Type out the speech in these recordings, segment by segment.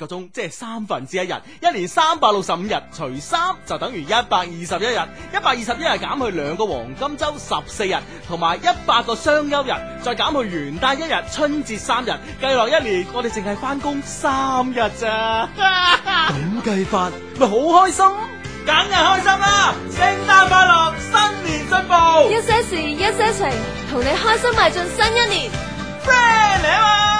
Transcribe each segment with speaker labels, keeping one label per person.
Speaker 1: 個鐘即係三分之一日，一年三百六十五日除三就等於一百二十一日，一百二十一日減去兩個黃金周十四日，同埋一百個雙休日，再減去元旦一日、春節三日，計落一年我哋淨係返工三日咋？咁 計法咪好開心，梗係 開心啦！
Speaker 2: 聖誕快樂，新年進步，一些事一些情，同你開心邁進新一年啊！Friend,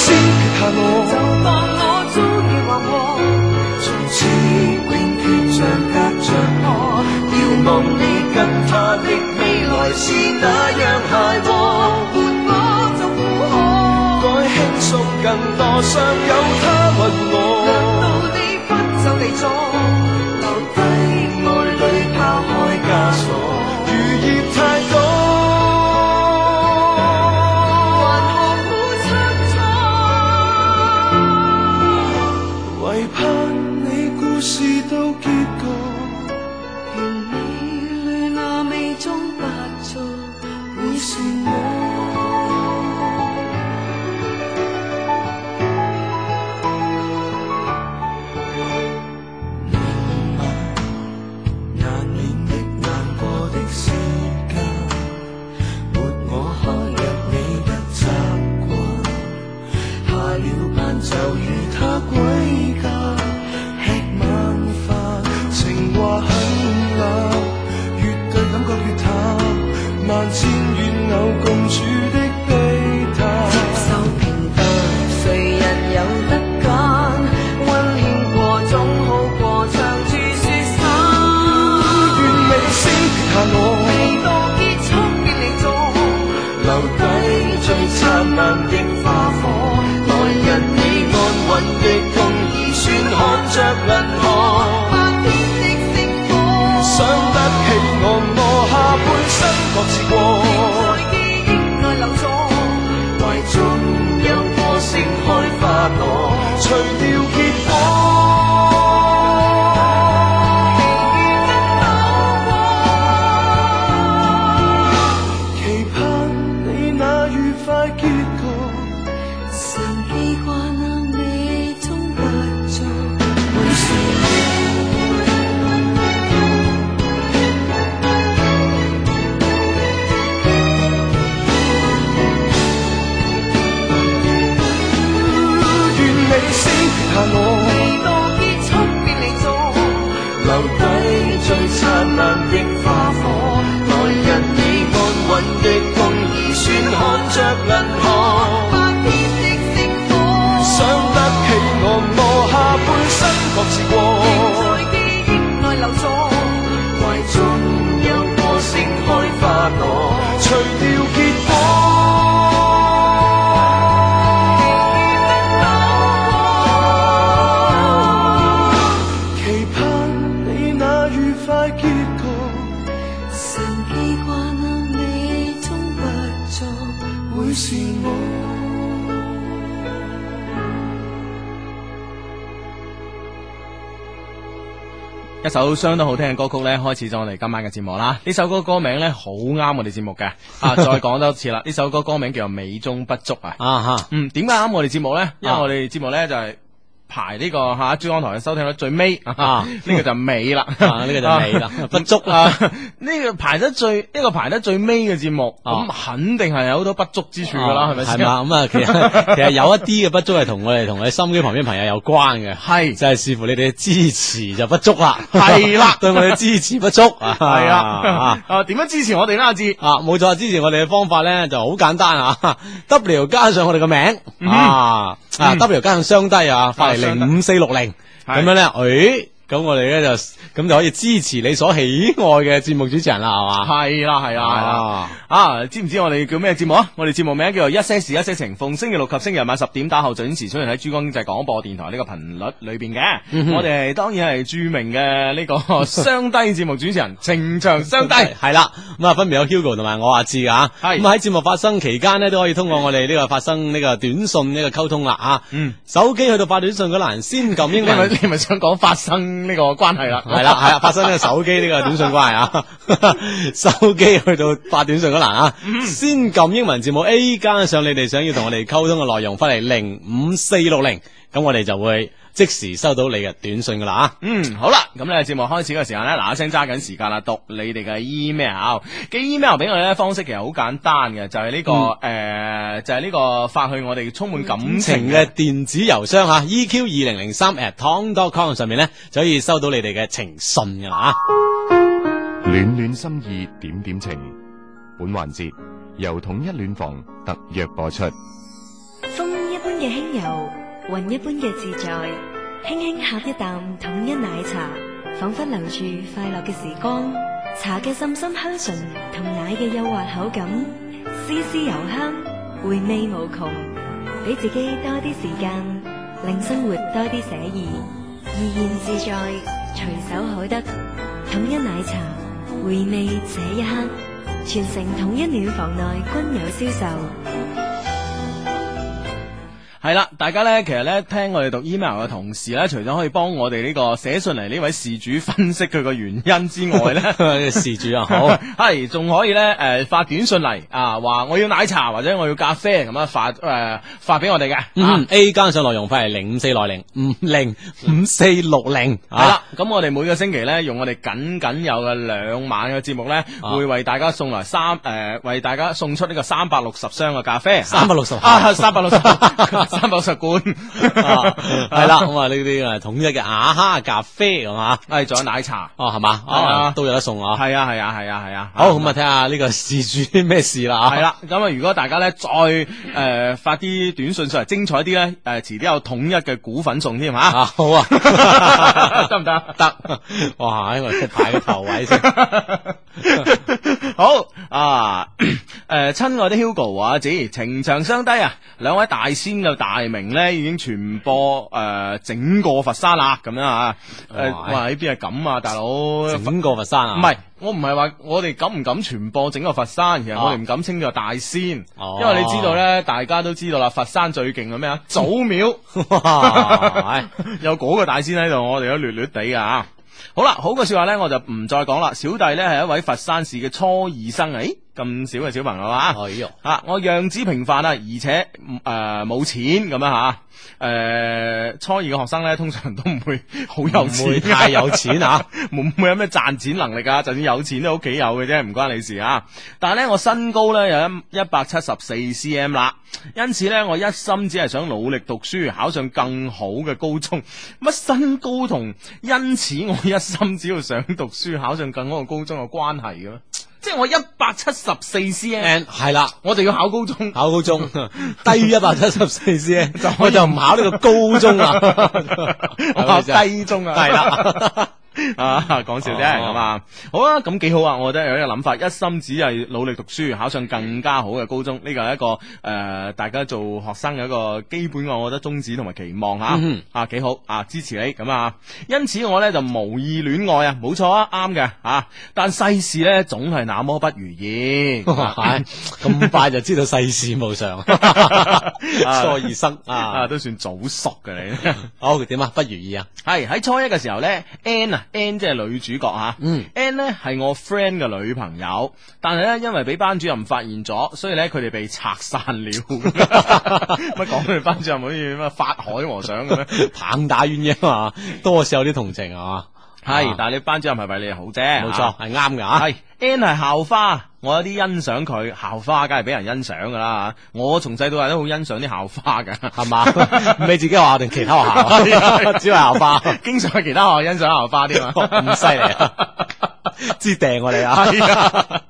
Speaker 2: 先撇下我，就當我早已活過。從此永遠像隔着我，長長我要望你跟他的未來是那樣諧和？換我就護我，改輕鬆更多，尚有他問我。難道你不走你左？
Speaker 1: 相當好聽嘅歌曲咧，開始咗我哋今晚嘅節目啦。呢首歌歌名咧好啱我哋節目嘅啊，再講多次啦。呢 首歌歌名叫做《美中不足》啊。啊哈、uh。Huh. 嗯，點解啱我哋節目咧？因為我哋節目咧就係、是。排呢個吓珠江台收聽率最尾啊，呢個就尾啦，呢個就尾啦，不足啦。呢個排得最呢個排得最尾嘅節目，咁肯定係有好多不足之處噶啦，係咪先？係啦，咁啊，其實其實有一啲嘅不足係同我哋同你收音機旁邊朋友有關嘅，係就係視乎你哋支持就不足啦。係啦，對我哋支持不足啊，係啊，啊，點樣支持我哋咧，阿智啊，冇錯，支持我哋嘅方法咧就好簡單啊，W 加上我哋嘅名啊。啊，W 加上雙低啊，發嚟零五四六零，咁樣咧，誒是。哎咁我哋咧就咁就可以支持你所喜愛嘅節目主持人啦，係嘛？係啦，係啦，係啦的！的啊，知唔知我哋叫咩節目啊？我哋節目名叫做一些事一些情，逢星期六及星期日晚十點打後準時出現喺珠江經濟廣播電台呢個頻率裏邊嘅。嗯、哼我哋係當然係著名嘅呢個雙低節目主持人， 情長雙低係啦。咁啊，分別有 Hugo 同埋我阿志啊。咁喺節目發生期間呢，都可以通過我哋呢個發生呢個短信呢個溝通啦。啊，嗯，手機去到發短信嘅欄先咁， 你咪你咪想講發生？呢、嗯，這個關係啦，係啦係啦，發生呢個手機呢個短信關係啊，手機去到發短信都難啊，嗯、先撳英文字母 A 加上你哋想要同我哋溝通嘅內容翻嚟，零五四六零，咁我哋就會。即時收到你嘅短信噶啦啊！嗯，好啦，咁咧節目開始嘅時間咧，嗱一聲揸緊時間啦，讀你哋嘅 em email。寄 email 俾我哋咧方式其實好簡單嘅，就係、是、呢、這個誒、嗯呃，就係、是、呢個發去我哋充滿感情嘅電子郵箱吓、嗯啊、，EQ 二零零三 at tong dot com 上面咧就可以收到你哋嘅情信噶啦啊！暖暖心意，點點情，本環節由統一暖房特約播出，
Speaker 2: 風一般嘅輕柔。雲一般嘅自在，輕輕喝一啖統一奶茶，仿佛留住快樂嘅時光。茶嘅沁心香醇，同奶嘅幼滑口感，絲絲油香，回味無窮。俾自己多啲時間，令生活多啲寫意，怡然自在，隨手可得。統一奶茶，回味這一刻。全城統一暖房內均有銷售。
Speaker 1: 係啦，大家咧，其實咧聽我哋讀 email 嘅同事咧，除咗可以幫我哋呢個寫信嚟呢位事主分析佢個原因之外咧， 事主啊，好係仲 可以咧，誒、呃、發短信嚟啊，話我要奶茶或者我要咖啡咁、呃嗯、啊，發誒發俾我哋嘅啊 A 加上內容費係零五四零零五零五四六零，係啦，咁我哋每個星期咧，用我哋僅僅有嘅兩晚嘅節目咧，啊、會為大家送來三誒、呃、為大家送出呢個三百六十箱嘅咖啡，三百六十啊，三百六十。三百十罐，係啦，咁啊呢啲啊統一嘅雅哈咖啡，係嘛，誒仲有奶茶，哦係嘛，啊都有得送啊，係啊係啊係啊係啊，好咁啊睇下呢個事主啲咩事啦，係啦，咁啊如果大家咧再誒發啲短信上嚟精彩啲咧，誒遲啲有統一嘅股份送添吓，啊好啊，得唔得？得，哇因為排頭位先，好啊，誒親愛的 Hugo 阿子情長相低啊，兩位大仙啊。大名咧已經傳播誒整個佛山啦，咁樣啊，誒，話呢邊係咁啊，大佬整個佛山啊？唔係，我唔係話我哋敢唔敢傳播整個佛山，其實我哋唔敢稱作大仙，因為你知道咧，大家都知道啦，佛山最勁係咩啊？祖廟，有嗰個大仙喺度，我哋都略略地啊！好啦，好嘅説話咧，我就唔再講啦。小弟咧係一位佛山市嘅初二生，誒。咁少嘅小朋友啊，係、哎、呦啊，我樣子平凡啊，而且誒冇、呃、錢咁樣嚇，誒、啊、初二嘅學生呢，通常都唔會好有錢，啊，會會太有錢啊，冇冇 有咩賺錢能力啊？就算有錢都屋企有嘅啫，啊，唔關你事啊。但係呢，我身高呢，有一一百七十四 cm 啦，因此呢，我一心只係想努力讀書，考上更好嘅高中。乜身高同因此我一心只要想讀書，考上更好嘅高中嘅關係嘅，啊即係我一百七十四 cm，係啦，我就要考高中，考高中低於一百七十四 cm，我就唔考呢個高中啦， 我考低中啊，係啦 了。 啊，講笑啫咁啊，好啊，咁幾好啊，我覺得有一個諗法，一心只係努力讀書，考上更加好嘅高中，呢個係一個誒、呃，大家做學生嘅一個基本，我覺得宗旨同埋期望吓、啊，嗯、哼啊，幾好啊，支持你咁啊，因此我呢就無意戀愛啊，冇錯啊，啱嘅吓，但世事呢，總係那麼不如意，咁哇 快就知道世事無常， 啊、初二生啊，啊，都算早熟嘅你， 好點啊？不如意啊？係喺 初一嘅時候呢。n 啊。N 即係女主角吓，N 咧係我 friend 嘅女朋友，但係咧因為俾班主任發現咗，所以咧佢哋被拆散了。乜講佢班主任好似乜法海和尚咁樣 棒打鴛鴦啊？多少有啲同情啊？係是，嗯、但係你班主任係為你好啫、啊，冇錯，係啱㗎吓。N 係校花，我有啲欣賞佢。校花梗係俾人欣賞噶啦，我從細到大都好欣賞啲校花嘅，係嘛？ 唔係自己學校定其他學校？ 只係校花， 經常賞其他學校欣賞校花啲啊！咁犀利啊！支持我哋啊！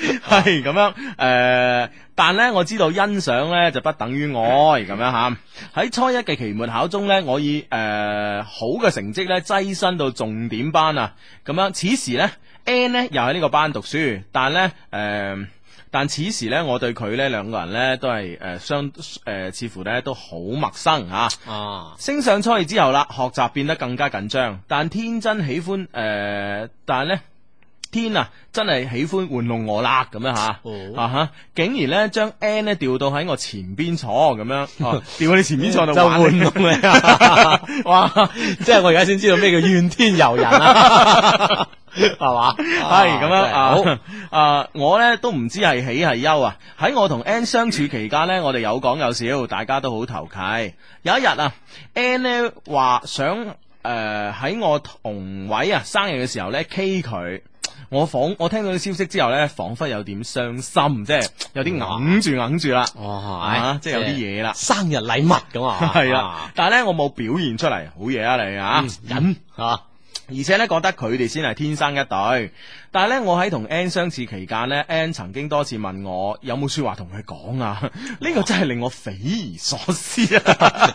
Speaker 1: 係咁樣誒，但咧我知道欣賞咧就不等於愛咁樣吓。喺初一嘅期，期末考中咧，我以誒、呃、好嘅成績咧躋身到重點班啊！咁樣此時咧。N 呢又喺呢個班讀書，但呢，誒、呃，但此時呢，我對佢呢兩個人呢都係誒相誒，似乎呢都好陌生吓。啊，升上初二之後啦，學習變得更加緊張，但天真喜歡誒、呃，但呢。天啊，真係喜歡玩弄我啦，咁樣吓啊吓，uh, 竟然咧將 N 咧調到喺我前邊坐，咁樣調、啊、到你前邊坐度就玩弄你。 哇！即係我而家先知道咩叫怨天尤人 farms,、um, uh, uh, mm, 啊，係嘛？係咁啦，好啊，我咧都唔知係喜係憂啊。喺我同 N 相處期間咧，我哋有講有笑，大家都好投契。有一日啊，N 咧話想誒喺我同位啊生日嘅時候咧 K 佢。.我仿我聽到啲消息之後咧，仿佛有點傷心，即係有啲揞住揞住啦，啊，忍住忍住即係有啲嘢啦，生日禮物咁啊，係 啊，啊但係咧我冇表現出嚟，好嘢啊你啊，忍、嗯嗯、啊。而且咧覺得佢哋先係天生一對，但係咧我喺同 N 相處期間咧，N 曾經多次問我有冇説話同佢講啊？呢個真係令我匪夷所思啊！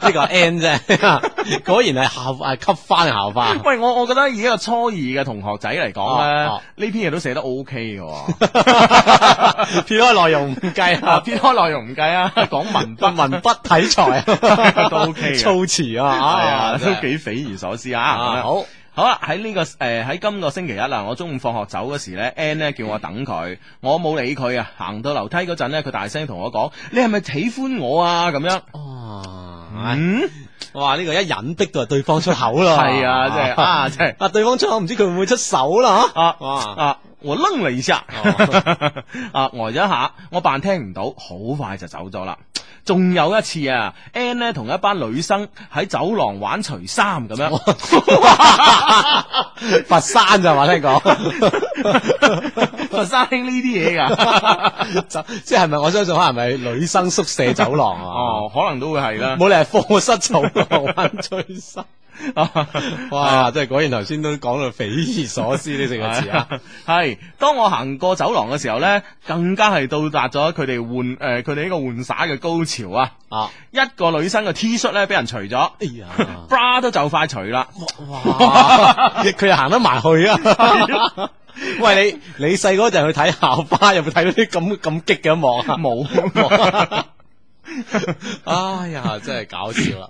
Speaker 1: 呢個 N 啫，果然係校係吸花嘅校花。喂，我我覺得以一個初二嘅同學仔嚟講咧，呢篇嘢都寫得 O K 嘅。撇開內容唔計啊，撇開內容唔計啊，講文筆文筆題材啊，都 O K。措詞啊，都幾匪夷所思啊！好。好啦、啊，喺呢、這個誒，喺、呃、今個星期一啦。我中午放學走嗰時咧，N 咧叫我等佢，我冇理佢啊。行到樓梯嗰陣咧，佢大聲同我講：，你係咪喜歡我啊？咁樣，哇，嗯，哇，呢個一忍逼到對方出口咯，係 啊，即、就、係、是、啊，即係啊， 對方出口，唔知佢會唔會出手啦？啊，哇啊，我掹嚟只啊呆咗、呃、一下，我扮聽唔到，好快就走咗啦。仲有一次啊，N 咧同一班女生喺走廊玩除衫咁樣， 佛山咋嘛？聽講， 佛
Speaker 2: 山興呢啲嘢噶，
Speaker 1: 即係咪？我相信可能係女生宿舍走廊啊， 哦，可能都會係啦，冇理由課室走廊玩除衫。 哇！即係果然頭先都講到匪夷所思呢四個字啊。係 當我行過走廊嘅時候咧，更加係到達咗佢哋換誒，佢哋呢個換耍嘅高潮啊！啊！一個女生嘅 T 恤咧，俾人除咗，哎呀，bra 都就快除啦！哇！佢 又行得埋去啊！ 喂，你你細個陣去睇校花有冇睇到啲咁咁激嘅一幕啊？冇有。 哎呀，真係搞笑啦！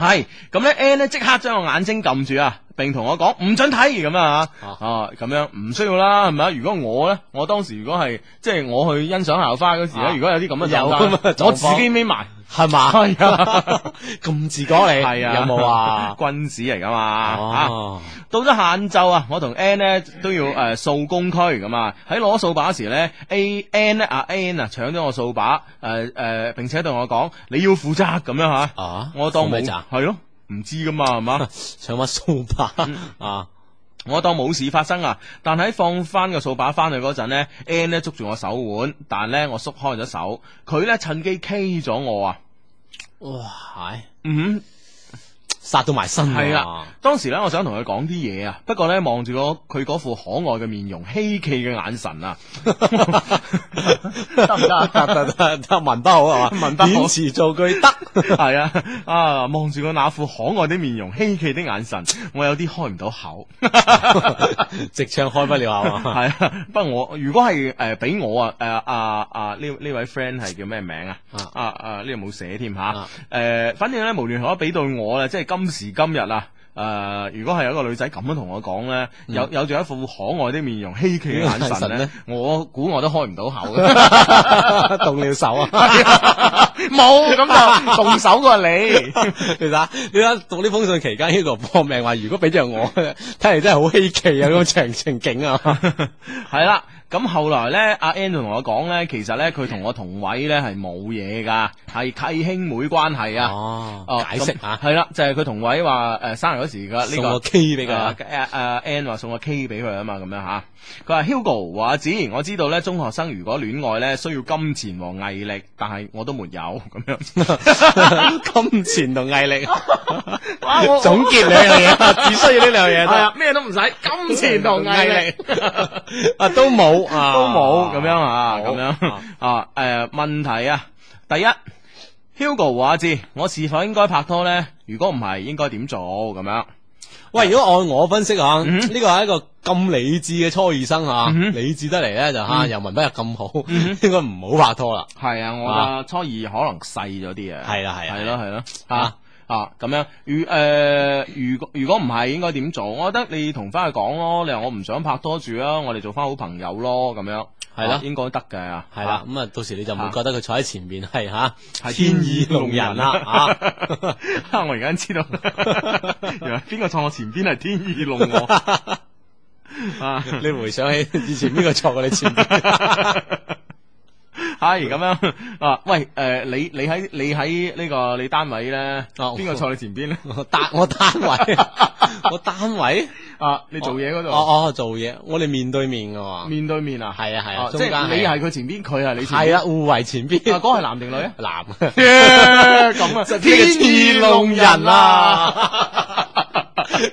Speaker 1: 係，咁咧，N 咧即刻將個眼睛撳住啊！並同我講唔准睇咁啊，啊咁樣唔需要啦，係咪啊？如果我咧，我當時如果係即係我去欣賞校花嗰時咧，如果有啲咁嘅嘢，我自己匿埋係嘛？咁自覺你係啊？有冇啊？君子嚟㗎嘛？啊！到咗晏晝啊，我同 N 咧都要誒掃工區咁啊，喺攞掃把時咧，A N 咧啊 N 啊搶咗我掃把誒誒，並且對我講你要負責咁樣吓啊！我當冇係咯。唔知噶嘛，係嘛？ 搶把掃把啊！我當冇事發生啊！但係放翻個掃把翻去嗰陣 呢 N 呢捉住我手腕，但呢我縮開咗手，佢呢趁機 K 咗我啊！哇！ 唉 嗯。 殺到埋身係啦！當時咧，我想同佢講啲嘢啊，不過咧望住佢嗰副可愛嘅面容、稀奇嘅眼神啊，得唔得？得得得，文得好啊。文得好，遣詞造句得係啊！啊，望住佢那副可愛嘅面容、稀奇的眼神，我有啲開唔到口，直唱開不了啊！係，不過我如果係誒俾我啊誒啊啊呢呢位 friend 係叫咩名啊？啊啊呢度冇寫添吓誒，反正咧無論可俾到我啊，即係今。今時今日啊，誒、呃，如果係有一個女仔咁樣同我講咧、嗯，有有住一副可愛啲面容、稀奇嘅眼神咧，神呢我估我都開唔到口。 動了手啊，冇咁 就動手過、啊、你，其 實你睇讀呢封信期間，呢度搏命話如果俾住我，睇嚟 真係好稀奇啊，咁情情景啊，係 啦。 咁後來咧，阿 Ann 同我講咧，其實咧佢同我同位咧係冇嘢噶，係契兄妹關係啊。哦，哦解釋下。係啦、嗯，就係、是、佢同位話誒、呃，生日時、這個呢個 K 俾佢。阿阿 Ann 話送個 K 俾佢啊，啊，啊嘛，咁樣吓。佢話 Hugo 話，子然我知道咧，中學生如果戀愛咧需要金錢和毅力，但係我都沒有咁樣。金錢同毅力。總結兩樣，只需要呢兩樣嘢。係啊，咩都唔使，金錢同毅力。啊，都冇。都冇咁樣啊，咁樣啊，誒，問題啊，第一，Hugo 話阿志，我是否應該拍拖咧？如果唔係，應該點做？咁樣，喂，如果按我分析啊，呢個係一個咁理智嘅初二生吓，啊嗯、哼 理智得嚟咧就吓，人緣都又咁好，應該唔好拍拖啦。係啊，我嘅初二可能細咗啲啊。係啦、啊，係係咯，係咯、啊啊啊，啊。啊，咁樣，如誒、呃，如果如果唔係，應該點做？我覺得你同翻去講咯，你話我唔想拍拖住啦，我哋做翻好朋友咯，咁樣，係咯的、啊，應該得嘅。係啦的，咁啊，嗯、到時你就唔會覺得佢坐喺前面係嚇、啊、天意弄人啦。嚇、啊啊，我而家知道，原來邊個坐我前邊係天意弄我。啊， 你回想起以前邊個坐過 你前邊？ 吓，而咁樣啊？喂，誒，你你喺你喺呢個你單位咧？邊個坐你前邊咧？我搭我單位，我單位啊？你做嘢嗰度？哦哦，做嘢，我哋面對面嘅嘛？面對面啊？係啊係啊，即係你係佢前邊，佢係你前邊。係啊，互為前邊。哥係男定女啊？男。耶，咁啊，天意弄人啊！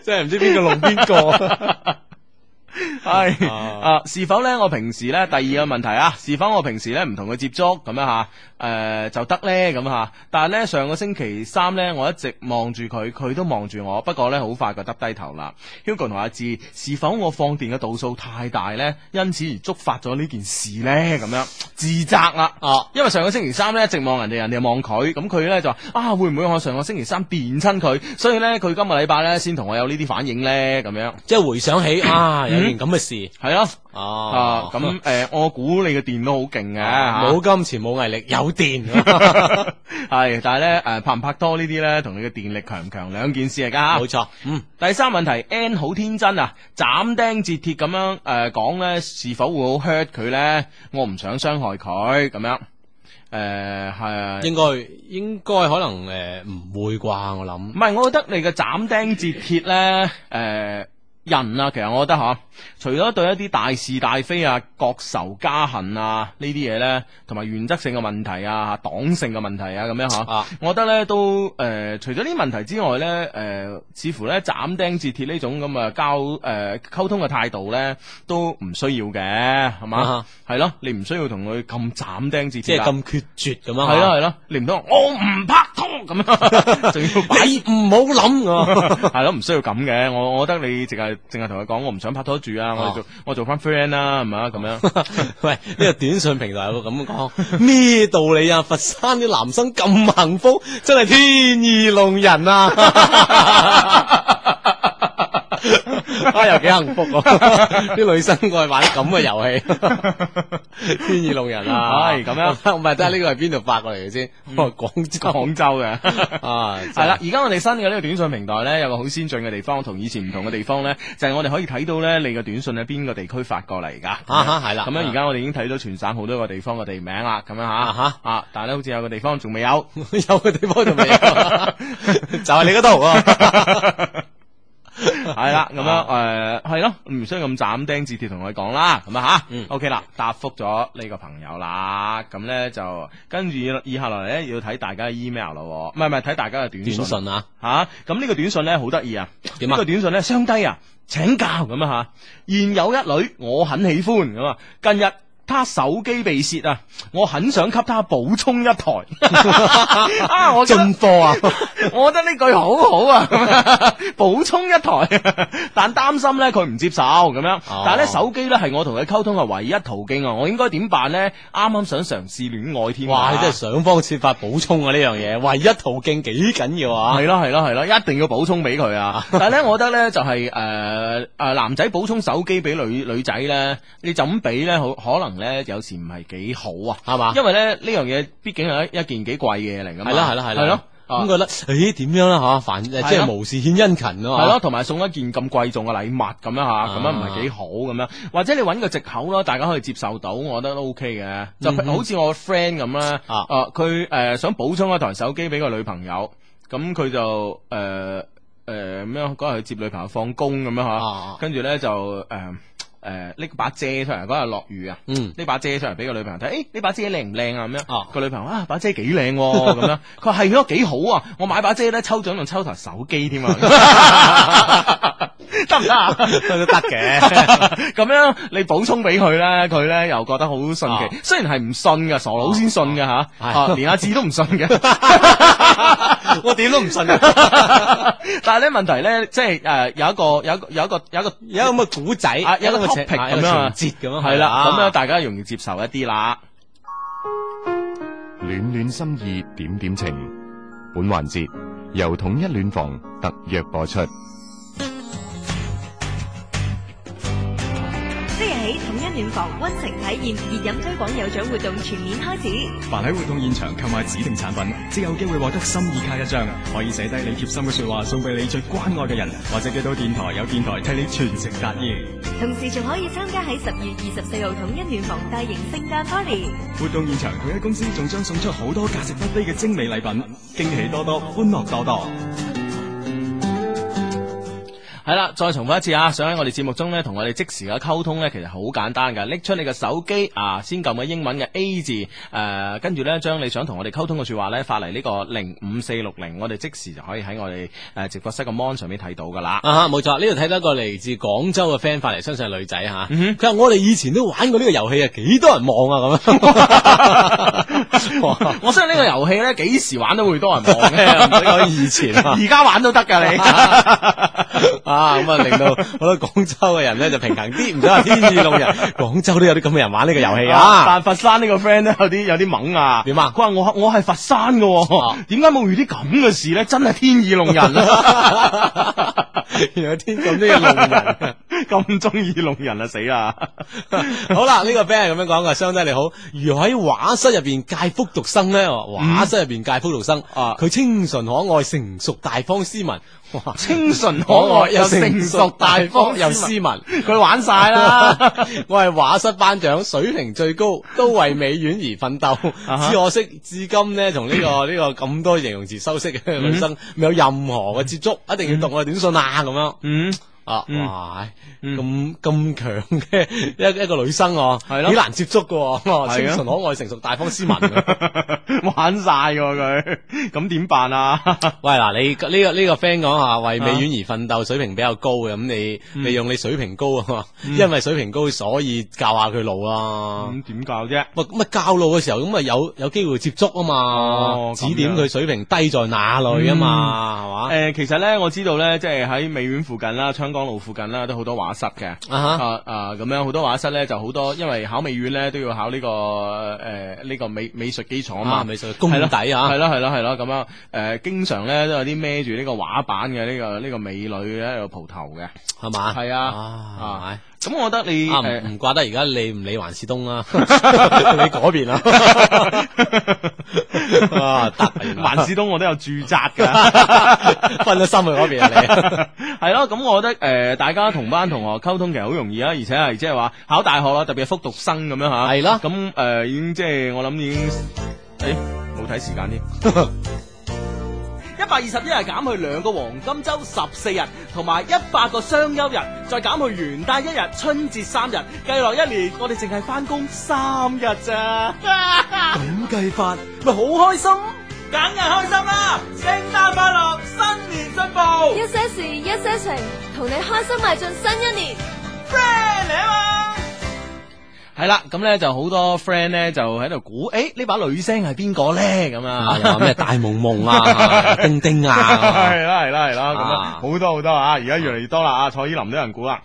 Speaker 1: 真係唔知邊個弄邊個。係、哎、啊，是否咧？我平時咧，第二個問題啊，是否我平時咧唔同佢接觸咁樣吓，誒就得呢。咁吓、呃？但係咧上個星期三咧，我一直望住佢，佢都望住我，不過咧好快就耷低頭啦。Hugo 同阿志，是否我放電嘅度數太大咧，因此而觸發咗呢件事呢？咁樣自責啦，啊，因為上個星期三咧一直望人哋，人哋望佢，咁佢咧就話啊，會唔會我上個星期三變親佢？所以咧佢今個禮拜咧先同我有呢啲反應咧？咁樣即係回想起啊。 咁嘅事係咯，哦，咁誒，我估你嘅電都好勁嘅，冇金錢冇毅力，有電係，但係咧誒拍唔拍拖呢啲咧，同你嘅電力強唔強兩件事嚟噶吓。冇錯，嗯，第三問題，N 好天真啊，斬釘截鐵咁樣誒講咧，是否會好 hurt 佢咧？我唔想傷害佢咁樣，誒係啊應該應該可能誒唔會啩？我諗唔係，我覺得你嘅斬釘截鐵咧，誒。人啊，其實我覺得嚇、啊，除咗對一啲大是大非啊、國仇家恨啊呢啲嘢咧，同埋、啊、原則性嘅問題啊、黨性嘅問題啊咁、 啊、 樣嚇， 我覺得咧都誒，除咗呢啲問題之外咧，誒，似乎咧斬釘截鐵呢種咁啊交誒溝通嘅態度咧，都唔需要嘅，係嘛？係咯，你唔需要同佢咁斬釘截鐵。即係咁決絕咁樣？係咯係咯，你唔通我唔拍拖咁樣？仲要擺唔好諗㗎？係咯，唔需要咁嘅。我我覺得你淨係。淨係同佢講我唔想拍拖住啊，啊我做我做翻 friend 啦，係咪啊？咁、啊、樣， 喂呢、這個短信平台有冇咁講咩道理啊？佛山啲男生咁幸福，真係天意弄人啊！ 啊，又幾幸福喎！啲女生過去玩啲咁嘅遊戲，天意弄人啊！係咁樣，唔係得呢個係邊度發過嚟嘅先？廣廣州嘅啊，係啦！而家我哋新嘅呢個短信平台咧，有個好先進嘅地方，同以前唔同嘅地方咧，就係我哋可以睇到咧，你嘅短信喺邊個地區發過嚟㗎。啊哈，係啦！咁樣而家我哋已經睇到全省好多個地方嘅地名啦，咁樣吓吓啊！但係咧，好似有個地方仲未有，有個地方仲未有，就係你嗰度啊！係、 哎、啦，咁樣誒，係、啊、咯，唔需要咁斬釘截鐵同佢講啦，咁啊吓，OK 啦，答覆咗呢個朋友啦，咁呢，就跟住以下落嚟呢，要睇大家嘅 email 咯，唔係唔係睇大家嘅短短信，信啊吓，咁呢、啊、個短信呢，好得意啊，呢樣個短信呢，相低啊，請教咁啊吓，現有一女，我很喜歡咁啊，近日。他手機被竊啊！我很想給他補充一台，我進貨啊！我覺得呢、啊、 句好好啊， 補充一台，但擔心咧佢唔接受咁樣。哦、但咧手機咧係我同佢溝通嘅唯一途徑啊！我應該點辦咧？啱啱想嘗試戀愛添哇啊！哇！你真係想方設法補充啊！呢樣嘢唯一途徑幾緊要啊！係咯係咯係咯，一定要補充俾佢啊！ 但咧，我覺得咧就係誒誒男仔補充手機俾女女仔咧，你就咁俾咧，好可能。咧有時唔係幾好啊，係吧、這個、嘛？因為咧呢樣嘢，畢竟係一一件幾貴嘅嘢嚟㗎嘛。係啦，係啦，係啦。係咯，咁覺得，誒點、哎、樣啦、啊、嚇？反即係無事獻殷勤咯、啊。係咯，同埋送一件咁貴重嘅禮物咁、啊、樣嚇，咁樣唔係幾好咁樣。或者你揾個藉口咯，大家可以接受到，我覺得都 OK 嘅。就好似我 friend 咁啦，嗯、哼啊，佢誒、呃、想補充一台手機俾個女朋友，咁佢就誒誒咁樣嗰日去接女朋友放工咁樣嚇，跟住咧就誒。就呃嗯嗯嗯嗯嗯誒，搦、呃、把遮出嚟，嗰日落雨、嗯欸、啊，呢把遮出嚟俾個女朋友睇，誒，呢把遮靚唔靚啊？咁、啊、 樣，個女朋友話：把遮幾靚，咁樣，佢話係咯，幾好啊，我買把遮咧，抽獎仲抽台手機添啊，得唔得啊？都得嘅，咁樣你補充俾佢咧，佢咧又覺得好神奇，啊、雖然係唔信噶，傻佬先信噶吓、 啊，連阿志都唔信嘅。 我點都唔信啊！ 但係咧問題咧，即係誒、呃，有一個，有一個，有一個，有一個，有一個咁嘅古仔啊，有一個 topic 啊，有一個情節咁啊，係啦，咁啊，大家容易接受一啲啦。哇暖暖心意，點點情，本環節由統一暖房特約播出。暖房溫情體驗熱飲推廣有獎活
Speaker 2: 動全面開始，
Speaker 1: 凡喺活動現場購買指定產品，即有機會獲得心意卡一張，可以寫低你貼心嘅說話送俾你最關愛嘅人，或者寄到電台，有電台替你傳情達意。
Speaker 2: 同時仲可以參加喺十月二十四號統一暖房大型聖誕 party
Speaker 1: 活動現場，佢喺公司仲將送出好多價值不菲嘅精美禮品，驚喜多多，歡樂多多。係啦，再重複一次啊。想喺我哋節目中咧，同我哋即時嘅溝通咧，其實好簡單噶。拎出你嘅手機啊，先撳個英文嘅 A 字，誒、呃，跟住咧將你想同我哋溝通嘅說話咧，發嚟呢個零五四六零，我哋即時就可以喺我哋誒、呃、直播室個 mon 上面睇到噶啦。冇錯、啊，呢度睇到一個嚟自廣州嘅 friend 發嚟，相信係女仔吓。佢、啊、話、嗯、哼我哋以前都玩過呢個遊戲啊，幾多人望啊咁樣。 我相信個遊戲呢個遊戲咧，幾時玩都會多人望嘅、啊，唔使講 以，以前。而、啊、家 玩都得噶、啊、你。 啊，咁啊，令到好多廣州嘅人咧就平衡啲，唔使話天意弄人，廣州都有啲咁嘅人玩呢個遊戲啊。但佛山呢個 friend 咧有啲有啲懵啊，點啊？佢話我我係佛山嘅，點解冇遇啲咁嘅事咧？真係天意弄人啊！原來天意弄人，咁中意弄人啊，死啦！好啦，呢個 friend 係咁樣講嘅，兄弟你好。如喺畫室入邊介福讀生咧，畫室入邊介福讀生，佢清純可愛、成熟大方、斯文。哇清純可愛又成熟大方又斯文，佢玩晒啦！ 我係畫室班長，水平最高，都為美院而奮鬥。只可、uh huh. 惜至今呢，同呢、這個呢、 這個咁多形容詞修飾嘅女生、mm hmm. 未有任何嘅接觸，mm hmm. 一定要讀我短信啊！咁樣，嗯、mm。Hmm. 啊，哇，咁咁強嘅一一個女生，嗬，幾難接觸嘅，清純可愛、成熟大方、斯文，玩晒㗎佢，咁點辦啊？喂，嗱，你呢個呢個 friend 講啊，為美院而奮鬥，水平比較高嘅，咁你你用你水平高啊嘛，因為水平高所以教下佢路啊。咁點教啫？喂，咁啊教路嘅時候，咁啊有有機會接觸啊嘛，指點佢水平低在哪裏啊嘛，係嘛？誒，其實咧我知道咧，即係喺美院附近啦，唱歌。江路附近啦，都好多畫室嘅，啊啊咁樣，好多畫室咧就好多，因為考美院咧都要考呢、這個誒呢、呃這個美美術基礎啊嘛，啊美術功底啊，係咯係咯係咯咁樣，誒、呃、經常咧都有啲孭住呢個畫板嘅呢、這個呢、這個美女喺度蒲頭嘅，係嘛吧，係的啊，啊。咁我覺得你唔、啊、怪得理理，而家你唔理環市東啦，你嗰邊啦。啊，環市東我都有住宅噶，分 咗 心去嗰、啊、你，係咯，咁我覺得誒、呃，大家同班同學溝通其實好容易啊，而且係即係話考大學啦，特別係復讀生咁樣吓。係、啊、咯，咁誒、啊嗯呃，已經即係我諗已經，誒、欸，冇睇時間添。 一百二十一日減去兩個黃金周十四日，同埋一百個雙休日，再減去元旦一日、春節三日，計落一年我哋淨係翻工三日咋？咁 計法咪好開心，梗係 開心啦！
Speaker 2: 聖誕快樂，新年進步，一些事一些情，同你開心邁進新一年，friend 嚟啊嘛！
Speaker 1: 係啦，咁咧就好多 friend 咧就喺度估，誒呢把女聲係邊個咧？咁啊，咩大夢夢啊，丁丁啊，係啦係啦係啦，咁啊好多好多啊，而家越嚟越多啦，啊，蔡依林都有人估啦。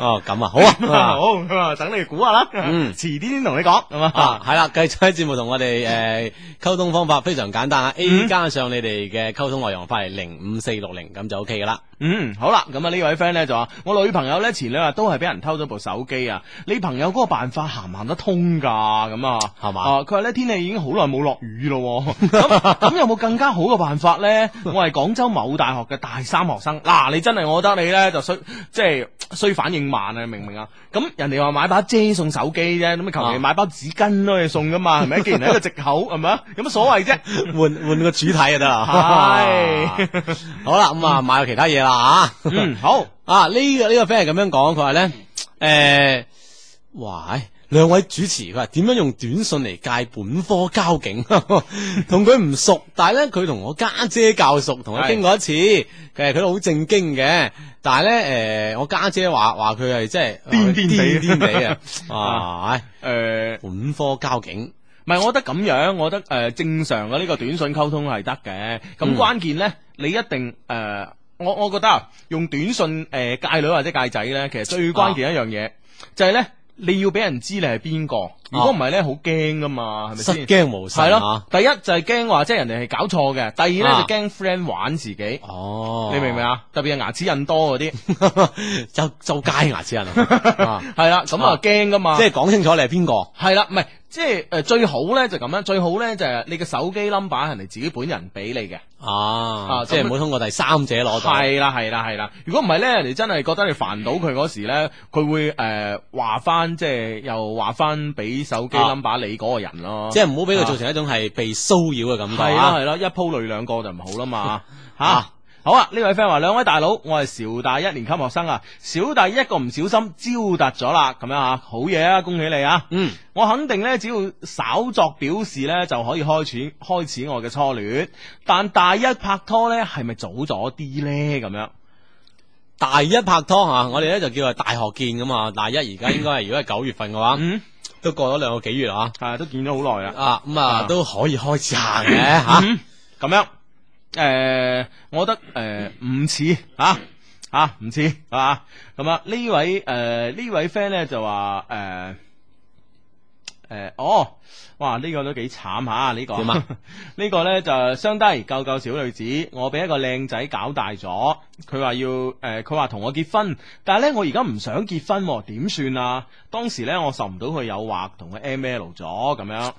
Speaker 1: 哦，咁啊，好啊，好等你估下啦，嗯，遲啲先同你講，咁啊，係啦，繼續喺節目同我哋誒溝通方法非常簡單啊，A 加上你哋嘅溝通內容，發嚟零五四六零咁就 OK 噶啦。嗯，好啦，咁啊呢位 friend 咧就話我女朋友咧前兩日都係俾人偷咗部手機啊，你朋友嗰個辦法行唔行得通噶？咁啊，係嘛？啊，佢話咧天氣已經好耐冇落雨咯、啊，咁咁 有冇更加好嘅辦法咧？我係廣州某大學嘅大三學生，嗱、啊，你真係我覺得你咧就衰即係衰反應慢啊，明唔明啊？咁人哋話買把遮送手機啫，咁啊求其買包紙巾都可送噶嘛，係咪？ 既然係一個藉口係咪啊？有乜所謂啫？換換個主體就得啦，係 好啦，咁啊買，個 買個其他嘢啦。 啊，好 啊，這個這個、呢個呢個 friend 係咁樣講，佢話咧誒，哇，兩位主持佢話點樣用短信嚟教本科交警，同佢唔熟，但係咧佢同我家姐，姐教熟，同佢傾過一次，其實佢都好正經嘅，但係咧誒，我家姐話話佢係即係癲癲地癲癲地啊，誒 哇、嗯、本科交警，唔係、呃，我覺得咁樣，我覺得誒、呃、正常嘅呢個短信溝通係得嘅，咁、嗯、關鍵咧你一定誒。呃呃呃呃呃我我覺得啊，用短信誒、呃、戒女或者戒仔咧，其實最關鍵一樣嘢、啊、就係咧，你要俾人知你係邊個。如果唔係咧，好驚噶嘛，係咪先？驚無晒。係咯，第一就係驚話，即係人哋係搞錯嘅。第二咧就驚 friend 玩自己。哦，你明唔明啊？特別係牙齒印多嗰啲，就就戒牙齒印。係啦，咁啊驚噶嘛。即係講清楚你係邊個。係啦，唔係即係誒最好咧就咁樣，最好咧就係你嘅手機 number 係人哋自己本人俾你嘅。啊即係唔好通過第三者攞到。係啦係啦係啦，如果唔係咧，人哋真係覺得你煩到佢嗰時咧，佢會誒話翻，即係又話翻俾。手機 number 你嗰個人咯，即係唔好俾佢造成一種係被騷擾嘅感覺。係咯，係咯，一鋪累兩個就唔好啦嘛嚇。好啊，呢位 friend 話 兩位大佬，我係潮大一年級學生啊。小弟一個唔小心招突咗啦，咁樣啊，好嘢啊，恭喜你啊！嗯，我肯定呢，只要稍作表示呢，就可以開始開始我嘅初戀。但大一拍拖呢，係咪早咗啲呢？咁樣大一拍拖嚇，我哋呢就叫做大學見咁嘛。大一而家應該係如果係九月份嘅話，嗯。都過咗兩個幾月啦，嚇、啊，係都見咗好耐啦，啊，咁、嗯、啊都可以開始行嘅嚇，咁、嗯啊嗯、樣，誒、呃，我覺得誒唔似嚇嚇唔似係嘛，咁、呃、啊、啊、啊位、呃、位呢位誒呢位 friend 咧就話誒。呃誒、呃，哦，哇，呢、這個都幾慘吓，呢、啊這個，呢 個呢，就相低，救救小女子，我俾一個靚仔搞大咗，佢話要，誒、呃，佢話同我結婚，但係呢，我而家唔想結婚、啊，點算啊？當時呢，我受唔到佢誘惑，同佢 M L 咗，咁樣。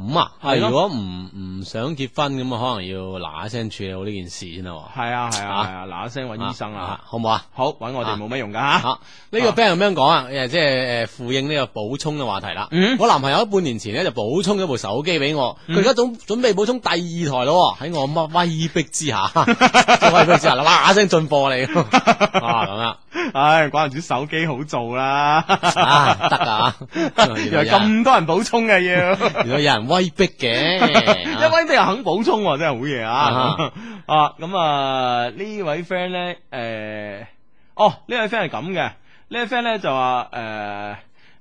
Speaker 1: 咁啊，係如果唔唔想結婚咁啊，可能要嗱一聲處理好呢件事先啦。係啊係啊係啊，嗱一聲揾醫生啊，好唔好啊？好，揾我哋冇乜用噶吓。呢個 Ben 又點講啊？即係誒，呼應呢個補充嘅話題啦。我男朋友半年前呢，就補充咗部手機俾我，佢而家總準備補充第二台咯，喺我乜威逼之下，威逼之下嗱一聲進貨嚟。咁啊，唉，怪唔之手機好做啦。得噶吓，咁多人補充嘅要。如果有人。威逼嘅，啊、 一威逼又肯補充、啊，真係好嘢啊！啊，咁啊呢位 friend 咧，誒、呃，哦位位呢位 friend 係咁嘅，呢位 friend 咧就話誒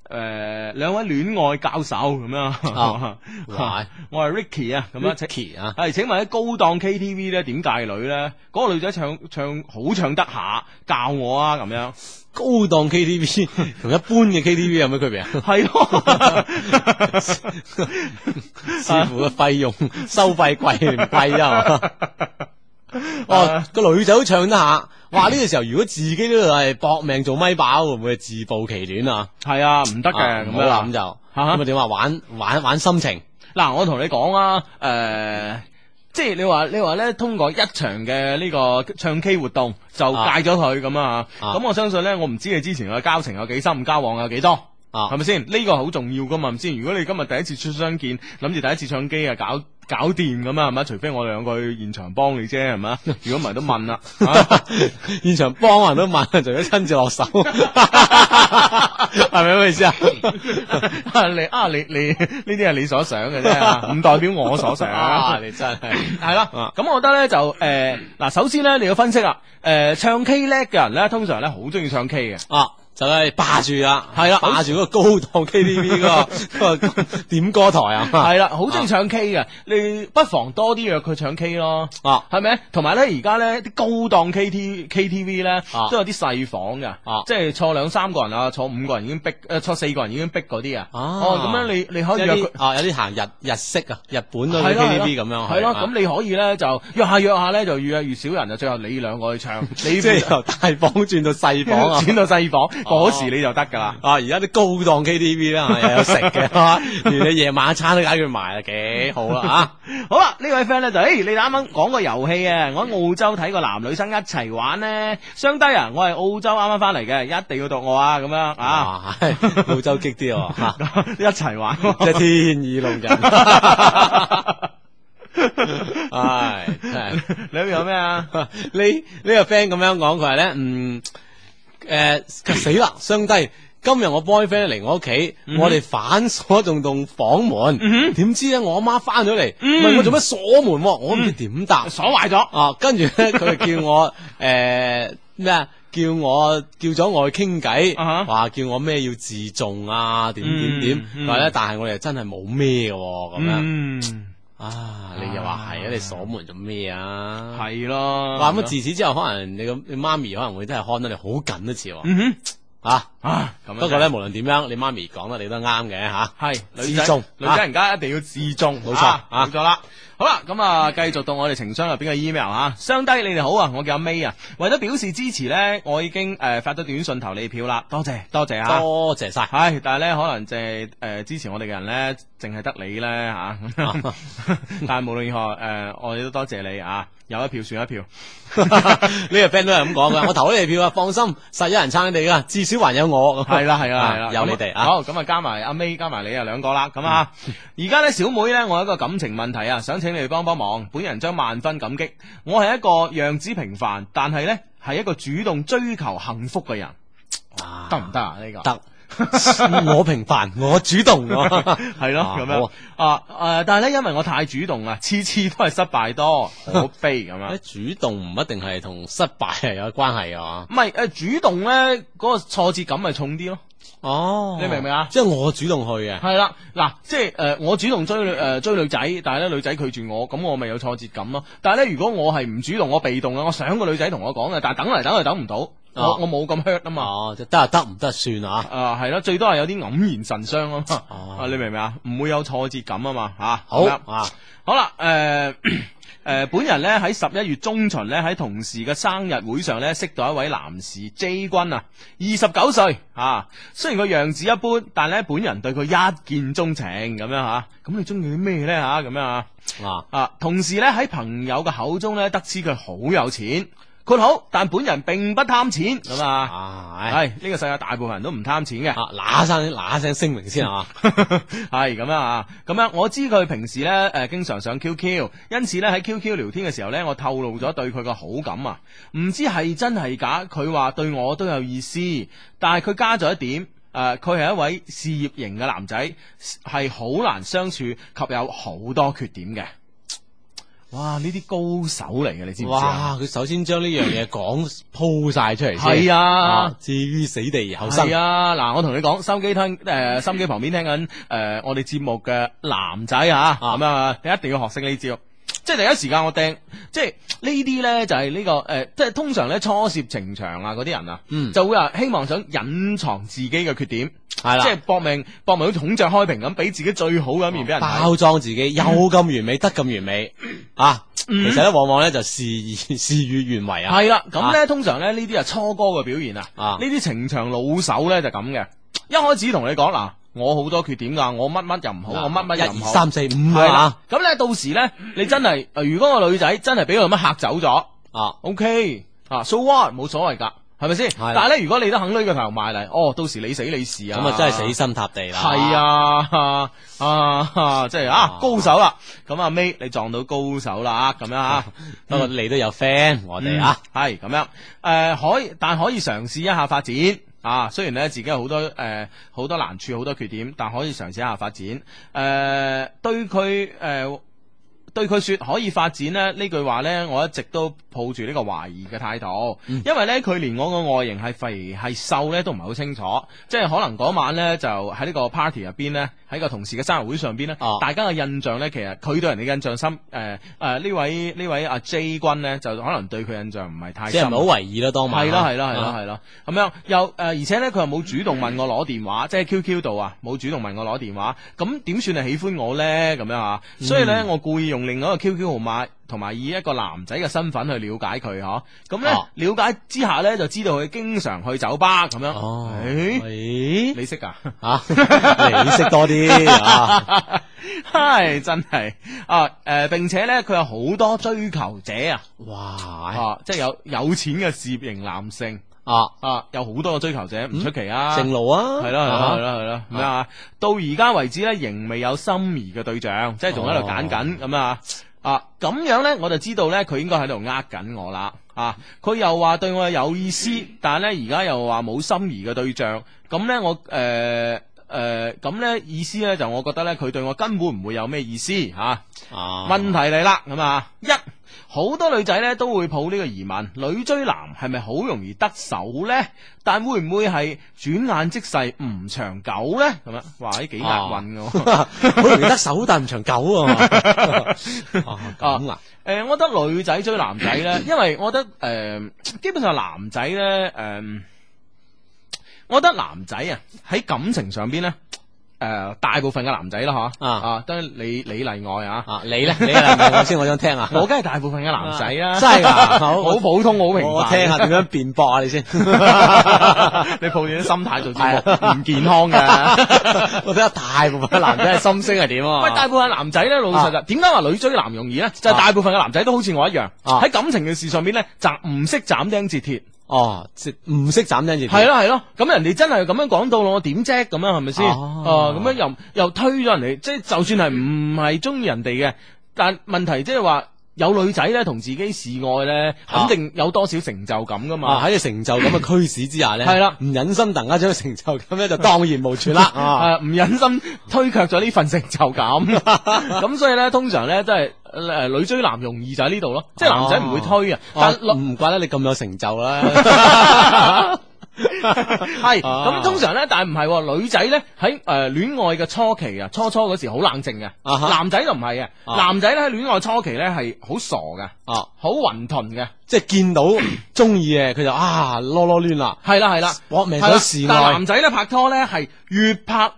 Speaker 1: 誒兩位戀愛教授咁樣，係我係 Ricky 啊，咁啊 Ricky 啊，係請問喺高檔 K T V 咧點帶女咧？嗰、那個女仔唱唱，唱好唱得下，教我啊咁樣。高檔 KTV 同一般嘅 KTV 有咩區別啊？係咯，似乎個費用收費貴唔貴啊？哦，個女仔都唱得下，哇！呢、這個時候如果自己都係搏命做咪霸，會唔會自暴其短啊？係啊，唔得嘅，唔好諗就咁啊！點話玩玩玩心情嗱？我同你講啊，誒、呃。即係你話你話咧，通過一場嘅呢個唱 K 活動就戒咗佢咁啊嚇。咁樣、啊、我相信咧，我唔知你之前嘅交情有幾深，交往有幾多，多。啊是是，係咪先？呢個好重要噶嘛，先。如果你今日第一次出相見，諗住第一次唱 K 啊，搞搞掂咁啊，係咪？除非我兩個去現場幫你啫，係咪？如果唔係都問啦，啊、 現場幫人都問，除咗親自落手，係咪咁意思啊？你啊，你你呢啲係你所想嘅啫，唔 代表我所想。 你真係係啦。咁我覺得咧就誒，嗱、呃，首先咧你要分析啊，誒、呃，唱 K 叻嘅人咧，通常咧好中意唱 K 嘅啊。就係霸住啦，係啦霸住嗰個高檔 KTV 個個點歌台啊，係啦，好中意唱 K 嘅，你不妨多啲約佢唱 K 咯，啊，係咪？同埋咧，而家咧啲高檔 KT KTV 咧，都有啲細房嘅，即係坐兩三個人啊，坐五個人已經逼，誒，坐四個人已經逼嗰啲啊，哦，咁樣你你可以啊，有啲行日日式啊，日本嗰啲 KTV 咁樣，係咯，咁你可以咧就約下約下咧，就約越少人就最後你兩個去唱，即係由大房轉到細房啊，轉到細房。嗰、哦、時你就得噶啦，啊！而家啲高檔 KTV 啦，又有食嘅，連你夜晚餐都解決埋啦，幾好啦嚇、啊！好啦，位朋友呢位 friend 咧就，誒、哎，你啱啱講個遊戲啊，我喺澳洲睇個男女生一齊玩咧，相低啊！我係澳洲啱啱翻嚟嘅，一定要讀我啊！咁樣啊，啊、哎，澳洲激啲喎，啊、 一齊玩即係天意弄人，係係、 哎，兩邊有咩啊？你，你、這個、朋友呢個 friend 咁樣講佢係咧，唔、嗯。誒、呃，死啦，傷低！今日我 boyfriend 嚟我屋企，mm hmm. 我哋反鎖棟棟房門，點知咧我阿媽翻咗嚟，問我做咩鎖門，我唔、啊、知點答，鎖壞咗。Hmm. 啊，跟住咧佢叫我誒咩啊？叫我叫咗我,我去傾偈，話、uh huh. 叫我咩要自重啊？點點點，但係咧，但係我哋真係冇咩嘅咁樣。Mm hmm. 啊！你又話係啊？你鎖門做咩啊？係咯、啊，嗱，咁啦、啊、自此之後，可能你個你媽咪可能會真係看得你好緊一次喎、啊。嗯哼，啊。啊，不過咧，無論點樣，你媽咪講得你都啱嘅吓，係自重，女仔人家一定要自重，冇錯，冇錯啦。好啦，咁啊，繼續到我哋情商入邊嘅 email 吓，雙低你哋好啊，我叫阿 May 啊，為咗表示支持咧，我已經誒發咗短信投你票啦，多謝多謝啊，多謝晒。係，但係咧可能就係誒支持我哋嘅人咧，淨係得你咧吓，但係無論如何誒，我哋都多謝你啊，有一票算一票，呢個 friend 都係咁講噶，我投你票啊，放心，實有人撐你噶，至少還有。係啦係啦係啦，有你哋啊。啊好，咁啊加埋阿 May，加埋你啊兩個啦。咁啊，而家呢小妹呢，我有一個感情問題啊，想請你哋幫幫忙，本人將萬分感激。我係一個樣子平凡，但係呢，係一個主動追求幸福嘅人，得唔得啊？呢個得。我平凡，我主動，我係咯咁樣啊誒、啊，但係咧，因為我太主動啊，次次都係失敗多，好悲咁樣、 啊啊。主動唔一定係同失敗係有關係啊？唔係誒，主動咧嗰個挫折感咪重啲咯？哦、啊，你明唔明啊？即係我主動去嘅，係啦， 嗱、啊，即係誒、呃，我主動追誒、呃、追女仔，但係咧女仔拒絕我，咁我咪有挫折感咯。但係咧，如果我係唔主動，我被動啊，我想個女仔同我講嘅，但係等嚟等去等唔到。哦、我冇咁 hurt 啊嘛，就、哦、得啊得唔得算啊？啊係啦，最多係有啲黯然神傷咯、啊。啊，啊你明唔明啊？唔會有挫折感啊嘛吓。啊好啊好啦，誒誒、啊啊、本人咧喺十一月中旬咧喺同事嘅生日會上咧識到一位男士 J 君啊，二十九歲吓。雖然個樣子一般，但咧本人對佢一見鍾情咁樣吓。咁、啊啊、你中意啲咩咧吓？咁樣啊啊，啊，啊！同時咧喺朋友嘅口中咧得知佢好有錢。括好，但本人並不貪錢咁啊！係呢、啊哎呢個世界大部分人都唔貪錢嘅。嗱、啊、一嗱一聲聲明先啊！係咁啦啊！咁樣、啊、我知佢平時呢，誒、呃、經常上 QQ，因此呢，喺 QQ 聊天嘅時候呢，我透露咗對佢個好感啊！唔知係真係假？佢話對我都有意思，但係佢加咗一點誒，佢、呃、係一位事業型嘅男仔，係好難相處及有好多缺點嘅。哇！呢啲高手嚟嘅，你知唔知 啊？佢首先將呢樣嘢講鋪晒出嚟，係啊，至於死地然後、啊呃呃、生。啊，嗱，我同你講，收機聽誒，收機旁邊聽緊誒，我哋節目嘅男仔啊。咁啊，你一定要學識呢招。即係第一時間我掟，即係呢啲咧就係、是、呢、這個誒、呃，即係通常咧初涉情場啊嗰啲人啊，嗯、就會話希望想隱藏自己嘅缺點，係啦、嗯，即係搏命搏命好似孔雀開屏咁，俾自己最好嘅一面俾、哦、人包裝自己，有咁、嗯、完美，嗯、得咁完美啊，其實咧往往咧就事事與願違啊。係啦、嗯，咁咧通常咧呢啲係初哥嘅表現啊，呢啲、啊、情場老手咧就咁、是、嘅，一開始同你講嗱。我好多缺點噶，我乜乜又唔好，我乜乜一二三四五係啦。咁咧、嗯、到時咧，你真係，如果個女仔真係俾咁乜吓走咗俾佢咁樣吓走咗啊？OK 啊，so what，冇所謂噶，係咪先？係。但係咧，如果你都肯推佢頭埋嚟，哦，到時你死你事啊。咁啊，真係死心塌地啦。係啊啊，即係啊，啊高手啦。咁、啊、阿 May，你撞到高手啦啊？咁樣啊，不過你都有 friend，我哋啊，係咁樣。誒，可以，但可以嘗試一下發展。啊，雖然咧自己有好多誒好多難處、好多缺點，但可以嘗試一下發展。誒、呃，對佢誒。呃對佢說可以發展呢，呢句話呢，我一直都抱住呢個懷疑嘅態度，嗯、因為呢，佢連我個外形係肥係瘦呢都唔係好清楚，即係可能嗰晚呢，就喺呢個 party 入邊呢，喺個同事嘅生日會上邊呢，啊、大家嘅印象呢，其實佢對人哋嘅印象深，誒誒呢位呢位阿、啊、J 君呢，就可能對佢印象唔係太深，即係唔好為意啦，當晚係咯係咯係咯係咯，咁、啊、樣又誒、呃、而且呢，佢又冇主動問我攞電話，嗯、即係 QQ 度啊冇主動問我攞電話，咁點算係喜歡我呢？咁樣啊？所以，嗯、所以呢，我故意用。另外一個 QQ 號碼，同埋以一個男仔嘅身份去了解佢嗬，咁、啊、咧、啊、了解之下咧就知道佢經常去酒吧咁樣。哦、啊，你識噶吓？你識多啲，唉、啊， 真係啊！誒、呃，並且咧佢有好多追求者哇 啊！哇，即係有有錢嘅事業型男性。啊啊，有好多個追求者，唔出、嗯、奇啊，姓盧啊，係咯係咯係咯，咩啊，啊？到而家為止咧，仍未有心儀嘅對象，即係仲喺度揀緊咁啊！啊，咁樣咧，我就知道咧，佢應該喺度呃緊我啦啊！佢又話對我有意思，嗯、但係咧而家又話冇心儀嘅對象，咁咧我誒誒咁咧意思咧就我覺得咧佢對我根本唔會有咩意思吓，啊啊、問題嚟啦咁啊一。好多女仔咧都會抱呢個疑問，女追男係咪好容易得手咧？但會唔會係轉眼即逝，唔長久咧？咁樣，哇！呢幾大運嘅，好、啊、 容易得手， 但唔長久啊！咁 啊？誒、啊啊呃，我覺得女仔追男仔咧，因為我覺得誒、呃，基本上男仔咧誒，我覺得男仔啊喺感情上邊咧。誒，大部分嘅男仔啦，吓啊啊，當然你你例外啊，啊你咧？你例外我先，我想聽下。我梗係大部分嘅男仔啦，真係好普通，好平凡，我聽下點樣辯駁啊？你先，你抱住啲心態做節目，唔健康嘅。我睇下大部分嘅男仔心聲係點？喂，大部分男仔咧，老實噶，點解話女追男容易咧？就係大部分嘅男仔都好似我一樣，喺感情嘅事上邊咧，就唔識斬釘截鐵。哦，唔識斬釘截鐵，係咯，係咯，咁人哋真係咁樣講到我點啫？咁樣係咪先？哦，咁、啊啊、樣又又推咗人哋，即係就算係唔係中意人哋嘅，但問題即係話有女仔呢同自己示愛呢，肯定有多少成就感噶嘛？喺個、啊、成就感嘅驅使之下呢，係啦 的，唔忍心等家將嘅成就感呢就蕩然無存啦，誒、啊，唔、 啊、忍心推卻咗呢份成就感，咁、 啊、所以呢，通常呢，真係。誒、呃，女追男容易就喺呢度咯，即係男仔唔會推啊，但唔怪得你咁有成就啦、啊。係， 咁通常咧，但係唔係，女仔咧喺誒戀愛嘅初期啊，初初嗰時好冷靜嘅，啊、哈男仔就唔係嘅，啊、男仔咧喺戀愛初期咧係好傻嘅，啊，好雲吞嘅，即係見到中意嘅佢就啊囉囉攣啦，係啦，係啦，我名在市但係男仔咧拍拖咧係越拍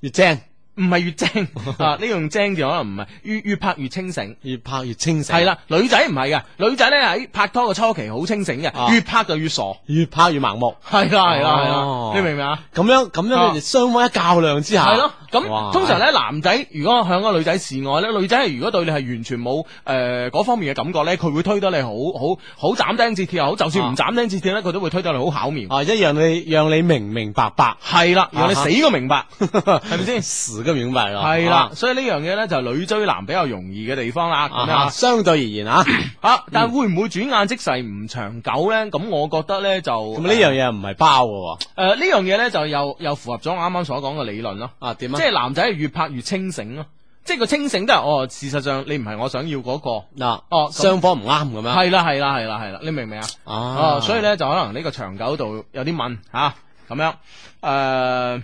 Speaker 1: 越正。唔係越精啊，呢個用精字可能唔係越越拍越清醒，越拍越清醒。係啦，女仔唔係㗎，女仔咧喺拍拖嘅初期好清醒嘅，越拍就越傻，越拍越盲目。係啦，係啦，係啦，你明唔明啊？咁樣咁樣雙方一較量之下，係咯。咁通常咧，男仔如果向個女仔示愛咧，女仔如果對你係完全冇誒嗰方面嘅感覺咧，佢會推得你好好好斬釘截鐵又好，就算唔斬釘截鐵咧，佢都會推得你好巧妙。啊，即係讓你讓你明明白白。係啦，讓你死個明白，係咪先？咁明白咯，係啦，所以呢樣嘢咧就女追男比較容易嘅地方啦，相對而言啊，好，但係會唔會轉眼即逝唔長久咧？咁我覺得咧就咁呢樣嘢唔係包嘅喎。誒，呢樣嘢咧就又又符合咗我啱啱所講嘅理論咯。啊，點啊？即係男仔越拍越清醒咯，即係個清醒都係哦，事實上你唔係我想要嗰個嗱，哦，雙方唔啱咁樣。係啦係啦係啦係啦，你明唔明啊？哦，所以咧就可能呢個長久度有啲問吓，咁樣誒。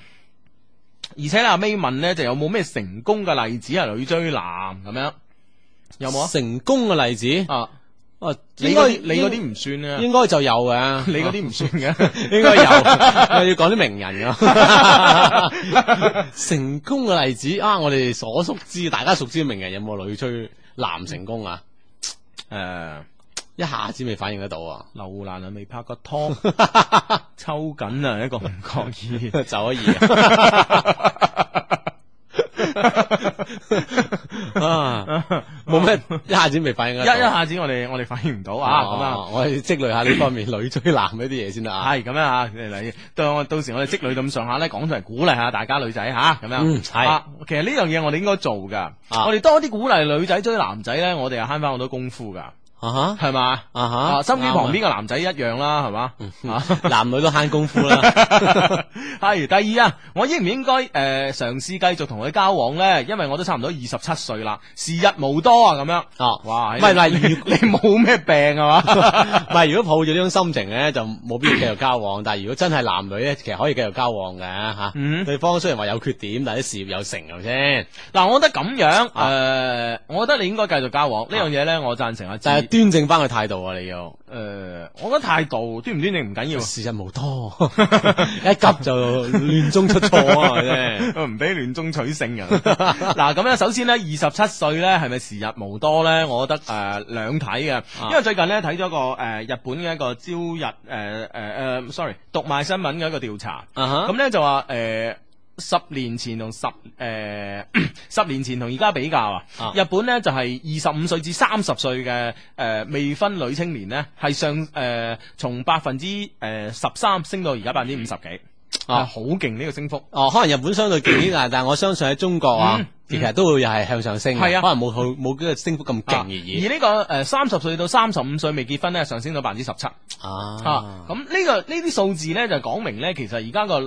Speaker 1: 而且阿、啊、May 問咧，就有冇咩成功嘅例子啊？女追男咁樣麼有冇啊？成功嘅例子啊，哦，你嗰你啲唔算啦，應該就有嘅，你嗰啲唔算嘅，應該有，我要講啲名人嘅成功嘅例子啊！我哋所熟知，大家熟知嘅名人有冇女追男成功啊？誒。啊一下子未反應得到啊！劉蘭啊，未拍過拖，抽緊啊，一個唔覺意就可以啊，冇咩一下子未反應一一下子我哋我哋反應唔到啊，咁啊，我哋積累下呢方面女追男呢啲嘢先啦啊，係咁樣啊，嚟到我到時我哋積累咁上下咧，講出嚟鼓勵下大家女仔吓咁樣，係其實呢樣嘢我哋應該做噶，我哋多啲鼓勵女仔追男仔咧，我哋又慳翻好多功夫噶。啊哈，係嘛？啊哈，身邊旁邊個男仔一樣啦，係嘛？男女都慳功夫啦。係第二啊，我應唔應該誒嘗試繼續同佢交往咧？因為我都差唔多二十七歲啦，時日無多啊，咁樣。哦，哇，唔係例如你冇咩病係嘛？唔係，如果抱住呢種心情咧，就冇必要繼續交往。但係如果真係男女咧，其實可以繼續交往嘅吓。對方雖然話有缺點，但係啲事業有成係咪先？嗱，我覺得咁樣誒，我覺得你應該繼續交往。呢樣嘢咧，我贊成阿志。端正翻個態度啊！你要，誒、呃，我覺得態度端唔端正唔緊要，時日無多， 一急就亂中出錯啊！唔俾 亂中取勝 啊！嗱咁咧，首先咧，二十七歲咧係咪時日無多咧？我覺得誒、呃、兩睇嘅，因為最近咧睇咗個誒、呃、日本嘅一個朝日誒誒誒，sorry，讀賣新聞嘅一個調查，咁咧、uh huh. 就話誒。呃十年前同十誒、呃，十年前同而家比較啊，日本呢就係二十五歲至三十歲嘅誒未婚女青年呢，係上誒從、呃、百分之誒十三升到而家百分之五十幾，哦好勁呢個升幅，啊，哦可能日本相對勁啲， 但係我相信喺中國啊。嗯其實都會又係向上升嘅，可能冇冇呢個升幅咁勁而呢、啊這個誒三十歲到三十五歲未結婚咧上升到百分之十七啊，咁、啊這個、呢個呢啲數字咧就講明咧其實而家個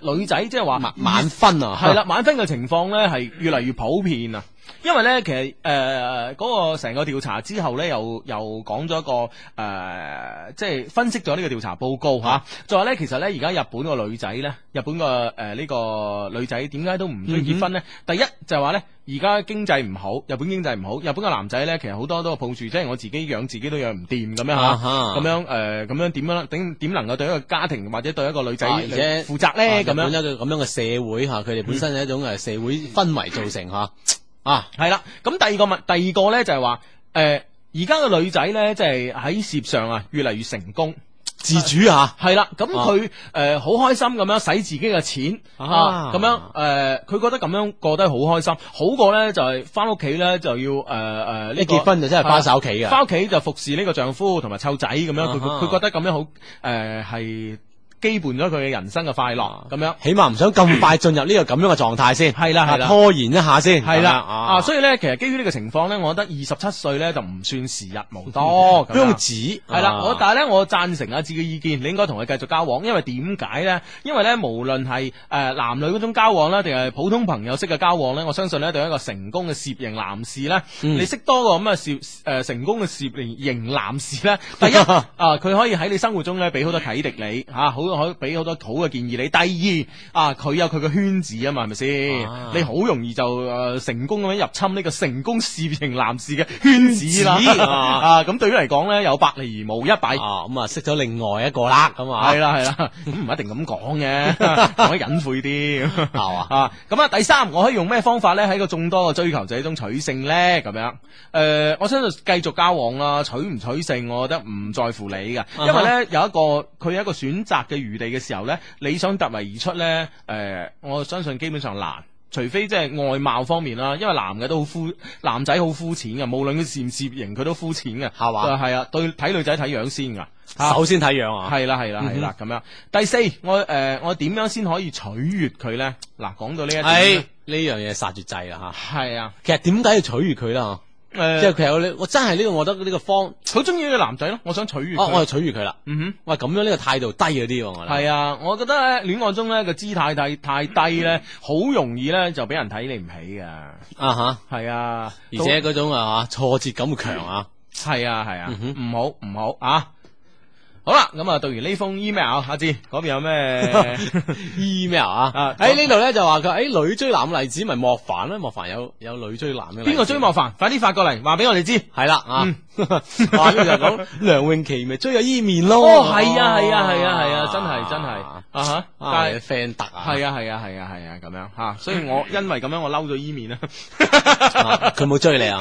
Speaker 1: 誒女仔即係話晚婚啊，係啦、嗯、晚婚嘅情況咧係越嚟越普遍啊，因為咧其實誒嗰、呃那個成個調查之後咧又又講咗個誒即係分析咗呢個調查報告吓、啊啊，再話咧其實咧而家日本個女仔咧日本個誒呢個女仔點解都唔想結婚咧？第一就是話咧，而家經濟唔好，日本經濟唔好，日本嘅男仔咧，其實好多都係抱住，即係我自己養自己都養唔掂咁樣吓，咁、uh huh. 樣誒，咁、呃、樣點樣啦？點點能夠對一個家庭或者對一個女仔負責咧？咁、uh huh. 樣咁樣嘅社會吓，佢哋本身係一種誒社會氛圍造成吓、mm. 啊，係啦。咁第二個問，第二個咧就係話，誒、呃，而家嘅女仔咧，即係喺事業上啊，越嚟越成功。自主啊，係啦，咁佢誒好開心咁樣使自己嘅錢啊，咁樣誒，佢、呃、覺得咁樣過得好開心，好過咧就係翻屋企咧就要誒誒，呃這個、一結婚就真係翻晒屋企噶，翻屋企就服侍呢個丈夫同埋湊仔咁樣，佢佢、啊、哈覺得咁樣好誒係。呃基本咗佢嘅人生嘅快樂咁樣，起碼唔想咁快進入呢個咁樣嘅狀態先，係啦，係啦，拖延一下先，係啦，啊，啊啊所以咧，其實基於呢個情況咧，我覺得二十七歲咧就唔算時日無多，點子、嗯，係啦、啊，我但係咧，我贊成阿志嘅意見，你應該同佢繼續交往，因為點解咧？因為咧，無論係誒男女嗰種交往啦，定係普通朋友式嘅交往咧，我相信咧，對一個成功嘅攝影男士咧，嗯、你識多個咁嘅攝誒成功嘅攝影型男士咧，第一啊，佢可以喺你生活中咧俾好多啟迪你嚇，好、啊、多。可以俾好多好嘅建議你。第二啊，佢有佢嘅圈子啊嘛，係咪先？啊、你好容易就誒、呃、成功咁樣入侵呢個成功視型男士嘅圈子啦啊！咁、 啊、對於嚟講咧，有百利而無一弊咁啊，嗯、識咗另外一個啦，咁啊係啦係啦，咁唔 一定咁講嘅， 可以隱晦啲啊！咁 啊，第三，我可以用咩方法咧喺個眾多嘅追求者中、就是、取勝咧？咁樣誒、呃，我想繼續交往啦，取唔取勝，我覺得唔在乎你嘅，因為咧、uh huh. 有一個佢有一個選擇嘅。餘地嘅時候呢，你想突圍而出呢，誒、呃，我相信基本上難，除非即係外貌方面啦，因為男嘅都好膚男仔好膚淺嘅，無論佢係唔係型，佢都膚淺嘅，係嘛吧？係、就是、啊，對睇女仔睇樣先噶首先睇樣啊，係啦係啦係啦咁樣。第四，我誒、呃、我點樣先可以取悦佢呢？嗱，講到呢一呢樣嘢殺絕制啦吓，係啊，其實點解要取悦佢啦？誒，即係佢有呢，我真係呢個我覺得呢個方好中意呢個男仔咯，我想取悦佢。哦、啊，我就取悦佢啦。嗯哼，喂，咁樣呢個態度低咗啲，我係。係啊，我覺得戀愛中咧個姿態太太低咧，好、嗯、容易咧就俾人睇你唔起噶。啊吓哈？係啊，而且嗰種都啊挫折感會強啊。係啊係啊，唔好唔好啊。哼好啦，咁啊，讀完呢封 email，啊，阿志嗰邊有咩 email 啊？喺呢度咧就話佢，誒，女追男例子咪莫凡咧，莫凡有有女追男嘅，邊個追莫凡？快啲發過嚟，話俾我哋知。係啦啊，咁就講梁詠琪咪追阿伊麵咯。哦，係啊，係啊，係啊，係啊，真係真係啊，但係啲 friend 突啊，係啊，係啊，係啊，係啊，咁樣吓，所以我因為咁樣我嬲咗伊麵啦。佢冇追你啊？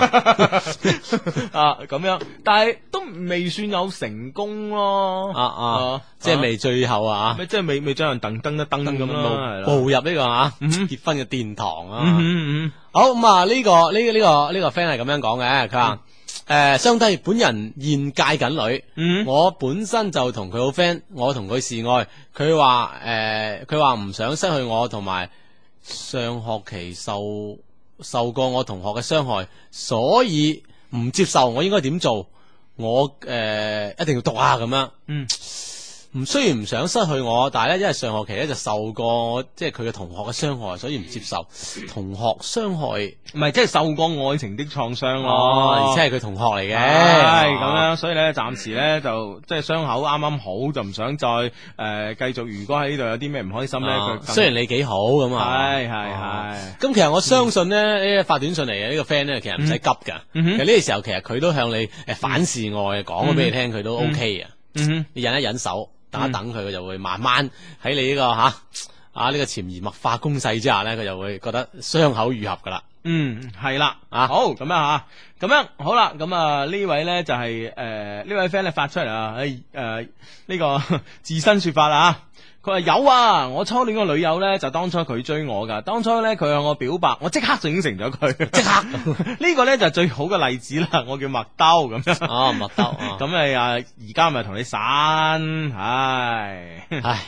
Speaker 1: 啊，咁樣，但係都未算有成功咯。啊啊，啊啊即係未最後啊，啊即係未未將人噔燈噔噔咁樣步入呢個啊、嗯、哼結婚嘅殿堂啊。嗯嗯、好咁啊呢個呢、呢個呢、呢個呢個 friend 係咁樣講嘅，佢話誒，相當於本人現介緊女，嗯、哼我本身就同佢好 friend，我同佢示愛，佢話誒，佢話唔想失去我，同埋上學期受受過我同學嘅傷害，所以唔接受我應該點做？我誒、呃、一定要讀啊！咁樣嗯。唔雖然唔想失去我，但係咧，因為上學期咧就受過即係佢嘅同學嘅傷害，所以唔接受同學傷害，唔係即係受過愛情的創傷咯。哦，而且係佢同學嚟嘅，係咁樣，所以咧暫時咧就即係傷口啱啱好，就唔想再誒繼續。如果喺呢度有啲咩唔開心咧，佢雖然你幾好咁啊，係係係。咁其實我相信咧，誒發短信嚟嘅呢個 friend 咧，其實唔使急㗎。其實呢個時候其實佢都向你誒反示愛，講咗俾你聽，佢都 OK 嘅。嗯哼，你忍一忍手。嗯、等等佢，佢就會慢慢喺你呢、呢個嚇啊呢、啊呢個潛移默化攻勢之下咧，佢就會覺得傷口愈合噶啦。嗯，係啦，啊好咁樣嚇、啊，咁樣好啦，咁啊位呢、就係呃、位咧就係誒呢位 friend 咧發出嚟啊誒呢個自身説法啦嚇、啊。佢話有啊，我初戀個女友咧就係、當初佢追我噶，當初咧佢向我表白，我即刻就應承咗佢，即立刻。 個呢個咧就係、最好嘅例子啦，我叫麥兜咁樣。哦，麥兜，咁你啊，而家咪同你散，唉， 唉，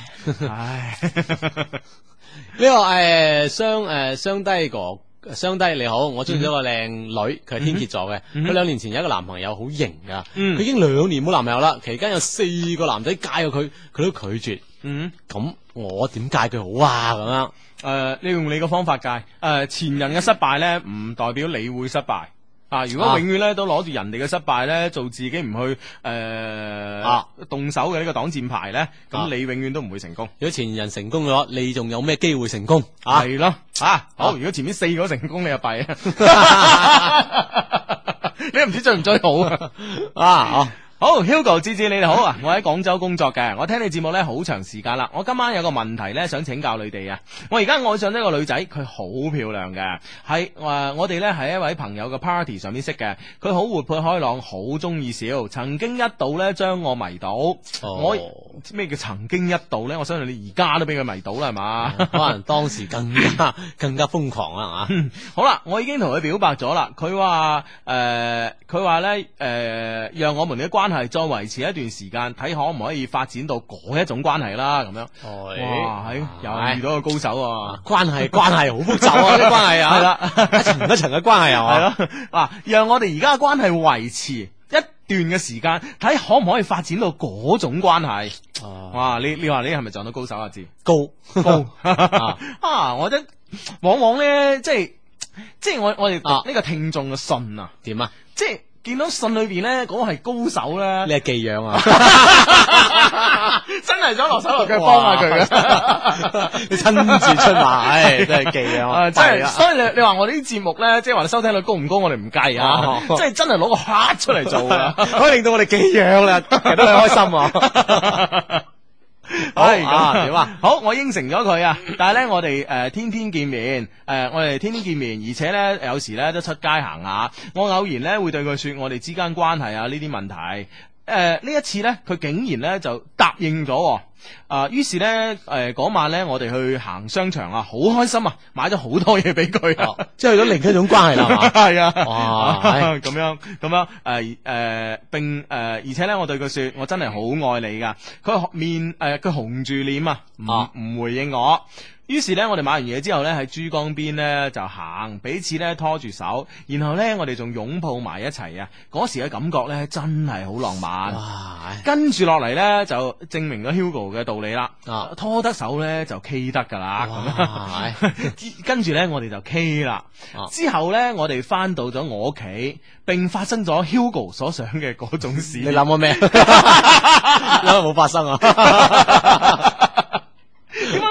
Speaker 1: 唉， 呢個誒雙誒雙低國。相低你好，我中意咗個靚女，佢係天蠍座嘅。佢兩、嗯、年前有一個男朋友，好型噶，佢、嗯、已經兩年冇男朋友啦。期間有四個男仔介過佢，佢都拒絕。嗯，咁我點介佢好啊？咁樣，誒、呃，你用你嘅方法介。誒、呃，前人嘅失敗咧，唔代表你會失敗。啊！如果永遠咧都攞住人哋嘅失敗咧做自己唔去誒、呃啊、動手嘅呢個擋箭牌咧，咁你永遠都唔會成功。啊、如果前人成功嘅話，你仲有咩機會成功？係咯，啊！好，啊、如果前面四個成功你就， 你又弊啊？你又唔知追唔追好啊？啊 Oh, Hugo，智智好，Hugo 芝芝你哋好啊！我喺廣州工作嘅，我聽你節目咧好長時間啦。我今晚有個問題咧，想請教你哋啊。我而家愛上呢個女仔，佢好漂亮嘅，係誒、呃、我哋咧喺一位朋友嘅 party 上面識嘅。佢好活潑開朗，好中意笑，曾經一度咧將我迷倒。Oh. 我咩叫曾經一度呢？我相信你而家都俾佢迷倒啦，係嘛？ 可能當時更加更加瘋狂啦，係嘛、 嗯？好啦，我已經同佢表白咗啦。佢話誒，佢話咧誒，讓我們嘅關係再維持一段時間，睇可唔可以發展到嗰一種關係啦。咁樣，哦、哇，哎哎、又遇到個高手、啊，關係係關係好複雜啊， 關係啊， 一層一層嘅關係又嘛、啊。嗱，讓我哋而家嘅關係維持，段嘅時間睇可唔可以發展到嗰種關係，啊、哇！你你話你係咪撞到高手啊？先高高 啊！我覺得往往咧，即係即係我我哋啊、呢個聽眾嘅信啊點啊，即係。見到信裏邊咧個係高手咧，你係寄養啊？ 真係想落手落腳幫下佢哇 你親自出馬，唉， 真係寄養啊！即係，所以你你話我哋啲節目咧，即係話你收聽率高唔高，我哋唔計啊！即係、哦、真係攞個盒出嚟做，啊、哦， 可以令到我哋寄養啦，令到你開心啊！
Speaker 2: 好啊，點啊何？
Speaker 1: 好，我應承咗佢啊。但係呢，我哋誒、呃、天天見面，誒、呃、我哋天天見面，而且呢，有時呢都出街行下。我偶然呢會對佢說我、啊，我哋之間關係啊呢啲問題。誒，呢、呃、一次呢，佢竟然呢就答應咗、哦，啊、呃，於是呢，誒、呃、嗰晚呢，我哋去行商場啊，好開心啊，買咗好多嘢俾佢，啊、哦， 即係去咗另一種關係啦，係 啊，咁哇 樣，咁樣，誒、呃，誒、呃，並誒、呃，而且呢，我對佢說，我真係好愛你㗎，佢面，誒、呃，佢紅住臉啊，唔唔、嗯啊、回應我。於是咧，我哋買完嘢之後咧，喺珠江邊咧就行，彼此咧拖住手，然後咧我哋仲擁抱埋一齊啊！嗰時嘅感覺咧真係好浪漫。哇 跟住落嚟咧就證明咗 Hugo 嘅道理啦。啊、拖得手咧就 K 得噶啦。跟住咧我哋就 K 啦。啊、之後咧我哋翻到咗我屋企，並發生咗 Hugo 所想嘅嗰種事。你諗過咩？冇 發生啊！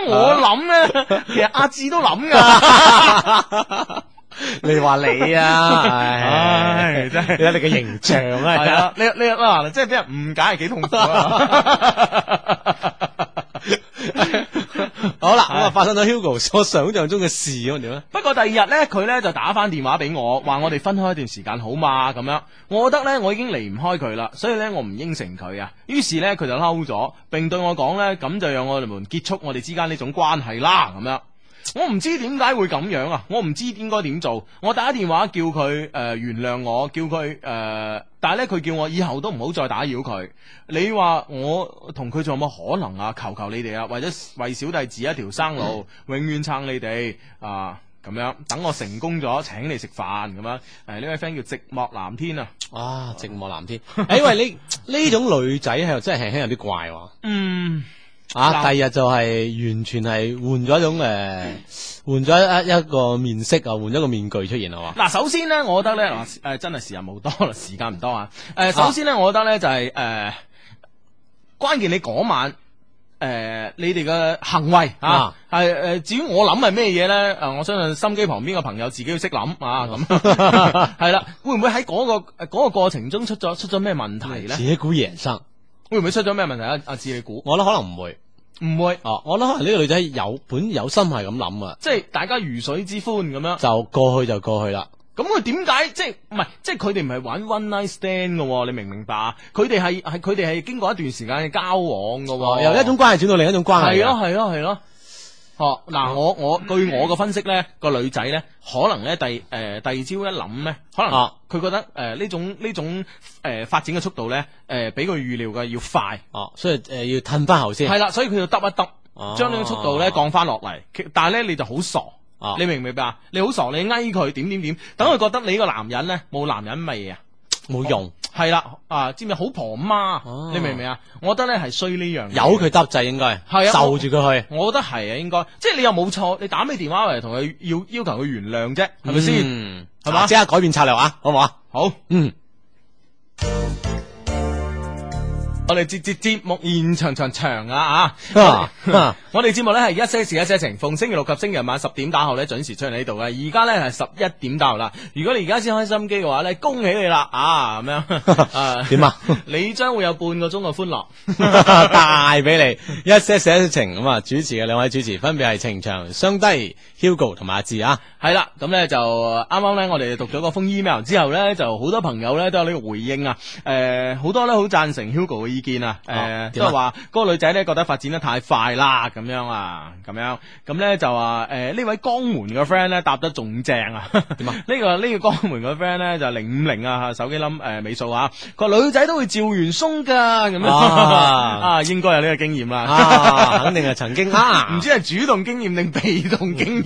Speaker 1: 我諗咧，其實阿志都諗噶。 你話你啊， 唉，真係是你睇你嘅形象啊。係 啊， 你你嗱，即係俾人誤解係幾痛苦啊！ 好啦，咁啊的發生咗 Hugo 所想象中嘅事點咧？不過第二日呢，佢呢就打翻電話俾我，話我哋分開一段時間好嘛？咁樣，我覺得呢，我已經離唔開佢啦，所以呢，我唔應承佢啊。於是呢，佢就嬲咗，並對我講呢：「咁就讓我哋們結束我哋之間呢種關係啦」，咁樣。我唔知點解會咁樣啊！我唔知應該點做，我打電話叫佢誒、呃、原諒我，叫佢誒、呃，但係咧佢叫我以後都唔好再打擾佢。你話我同佢仲有冇可能啊？求求你哋啊，為咗為小弟指一條生路，永遠撐你哋啊！咁樣等我成功咗，請你食飯咁樣。誒、啊，呢位 friend 叫寂寞藍天啊！啊，寂寞藍天。誒、 欸，喂，你呢種女仔係真係輕輕有啲怪
Speaker 2: 喎、啊。嗯。
Speaker 1: 啊！第日就係完全係換咗一種誒，換咗一一個面色啊，換咗個面具出現係嘛？嗱、啊啊，首先咧，我覺得咧、就係，誒，真係時日冇多啦，時間唔多啊。誒，首先咧，我覺得咧就係誒，關鍵你嗰晚誒，你哋嘅行為啊，係、啊、誒，至於我諗係咩嘢咧？誒，我相信心機旁邊嘅朋友自己要識諗啊，咁係啦。會唔會喺嗰、個嗰、個過程中出咗出咗咩問題咧？自己估嚴生。會唔會出咗咩問題啊？阿、啊、智，志你估？我諗、哦、可能唔會，唔會。哦，我諗呢、這個女仔有本有心係咁諗啊，即係、 就是、大家如水之歡咁樣，就過去就過去啦。咁佢點解即係唔係？即係佢哋唔係玩 one night stand 噶？你明唔明白啊？佢哋係係佢哋係經過一段時間嘅交往噶、哦，由、哦、一種關係轉到另一種關係。係咯係咯係咯。哦，嗱、啊嗯，我我據我嘅分析咧，個女仔咧可能咧第誒第二朝一諗咧，可能佢、呃啊、覺得誒呢、呃、種呢種誒、呃、發展嘅速度咧誒、呃、比佢預料嘅要快，哦、啊，所以誒、呃、要褪翻後先係啦，所以佢要耷一耷，將呢、啊、個速度咧降翻落嚟，但係咧你就好傻、啊、傻，你明唔明白啊？你好傻，你呓佢點點點，等佢覺得你呢個男人咧冇男人味啊！嗯冇用，係啦、哦，啊，知唔知好婆媽，哦、你明唔明啊？我覺得咧係衰呢樣，有佢得滯，應該，就住佢去我，我覺得係啊，應該，即係你又冇錯，你打咩電話嚟同佢要要求佢原諒啫，係咪先？係嘛、嗯，即吧、啊、刻改變策略啊，好唔好啊？好，好嗯。我哋節節節目現場場場啊啊！我哋節目咧係一些事一些情，逢星期六及星期日晚十點打後咧準時出嚟，呢度嘅。而家咧係十一點打後啦。如果你而家先開收音機嘅話咧，恭喜你啦啊！咁、啊啊啊、樣啊？點啊？你將會有半個鐘嘅歡樂帶俾你一些事一些情。咁啊，主持嘅兩位主持分別係情長、相低。Hugo 同埋阿志啊，係啦，咁咧就啱啱咧我哋讀咗個封 email 之後咧，就好多朋友咧都有呢個回應啊。誒、呃，好多咧好贊成 Hugo 嘅意見啊。誒、啊，即係話嗰個女仔咧覺得發展得太快啦，咁樣啊，咁樣，咁咧就話誒呢位江門嘅 friend 咧搭得仲正啊。點啊？呢、 呢個呢、呢個江門嘅 friend 咧就零五零啊，手機冧誒尾數啊。個女仔都會照完鬆噶，咁樣啊，啊 啊應該有呢個經驗啦、啊。肯定係曾經啊，唔知係主動經驗定被動經驗。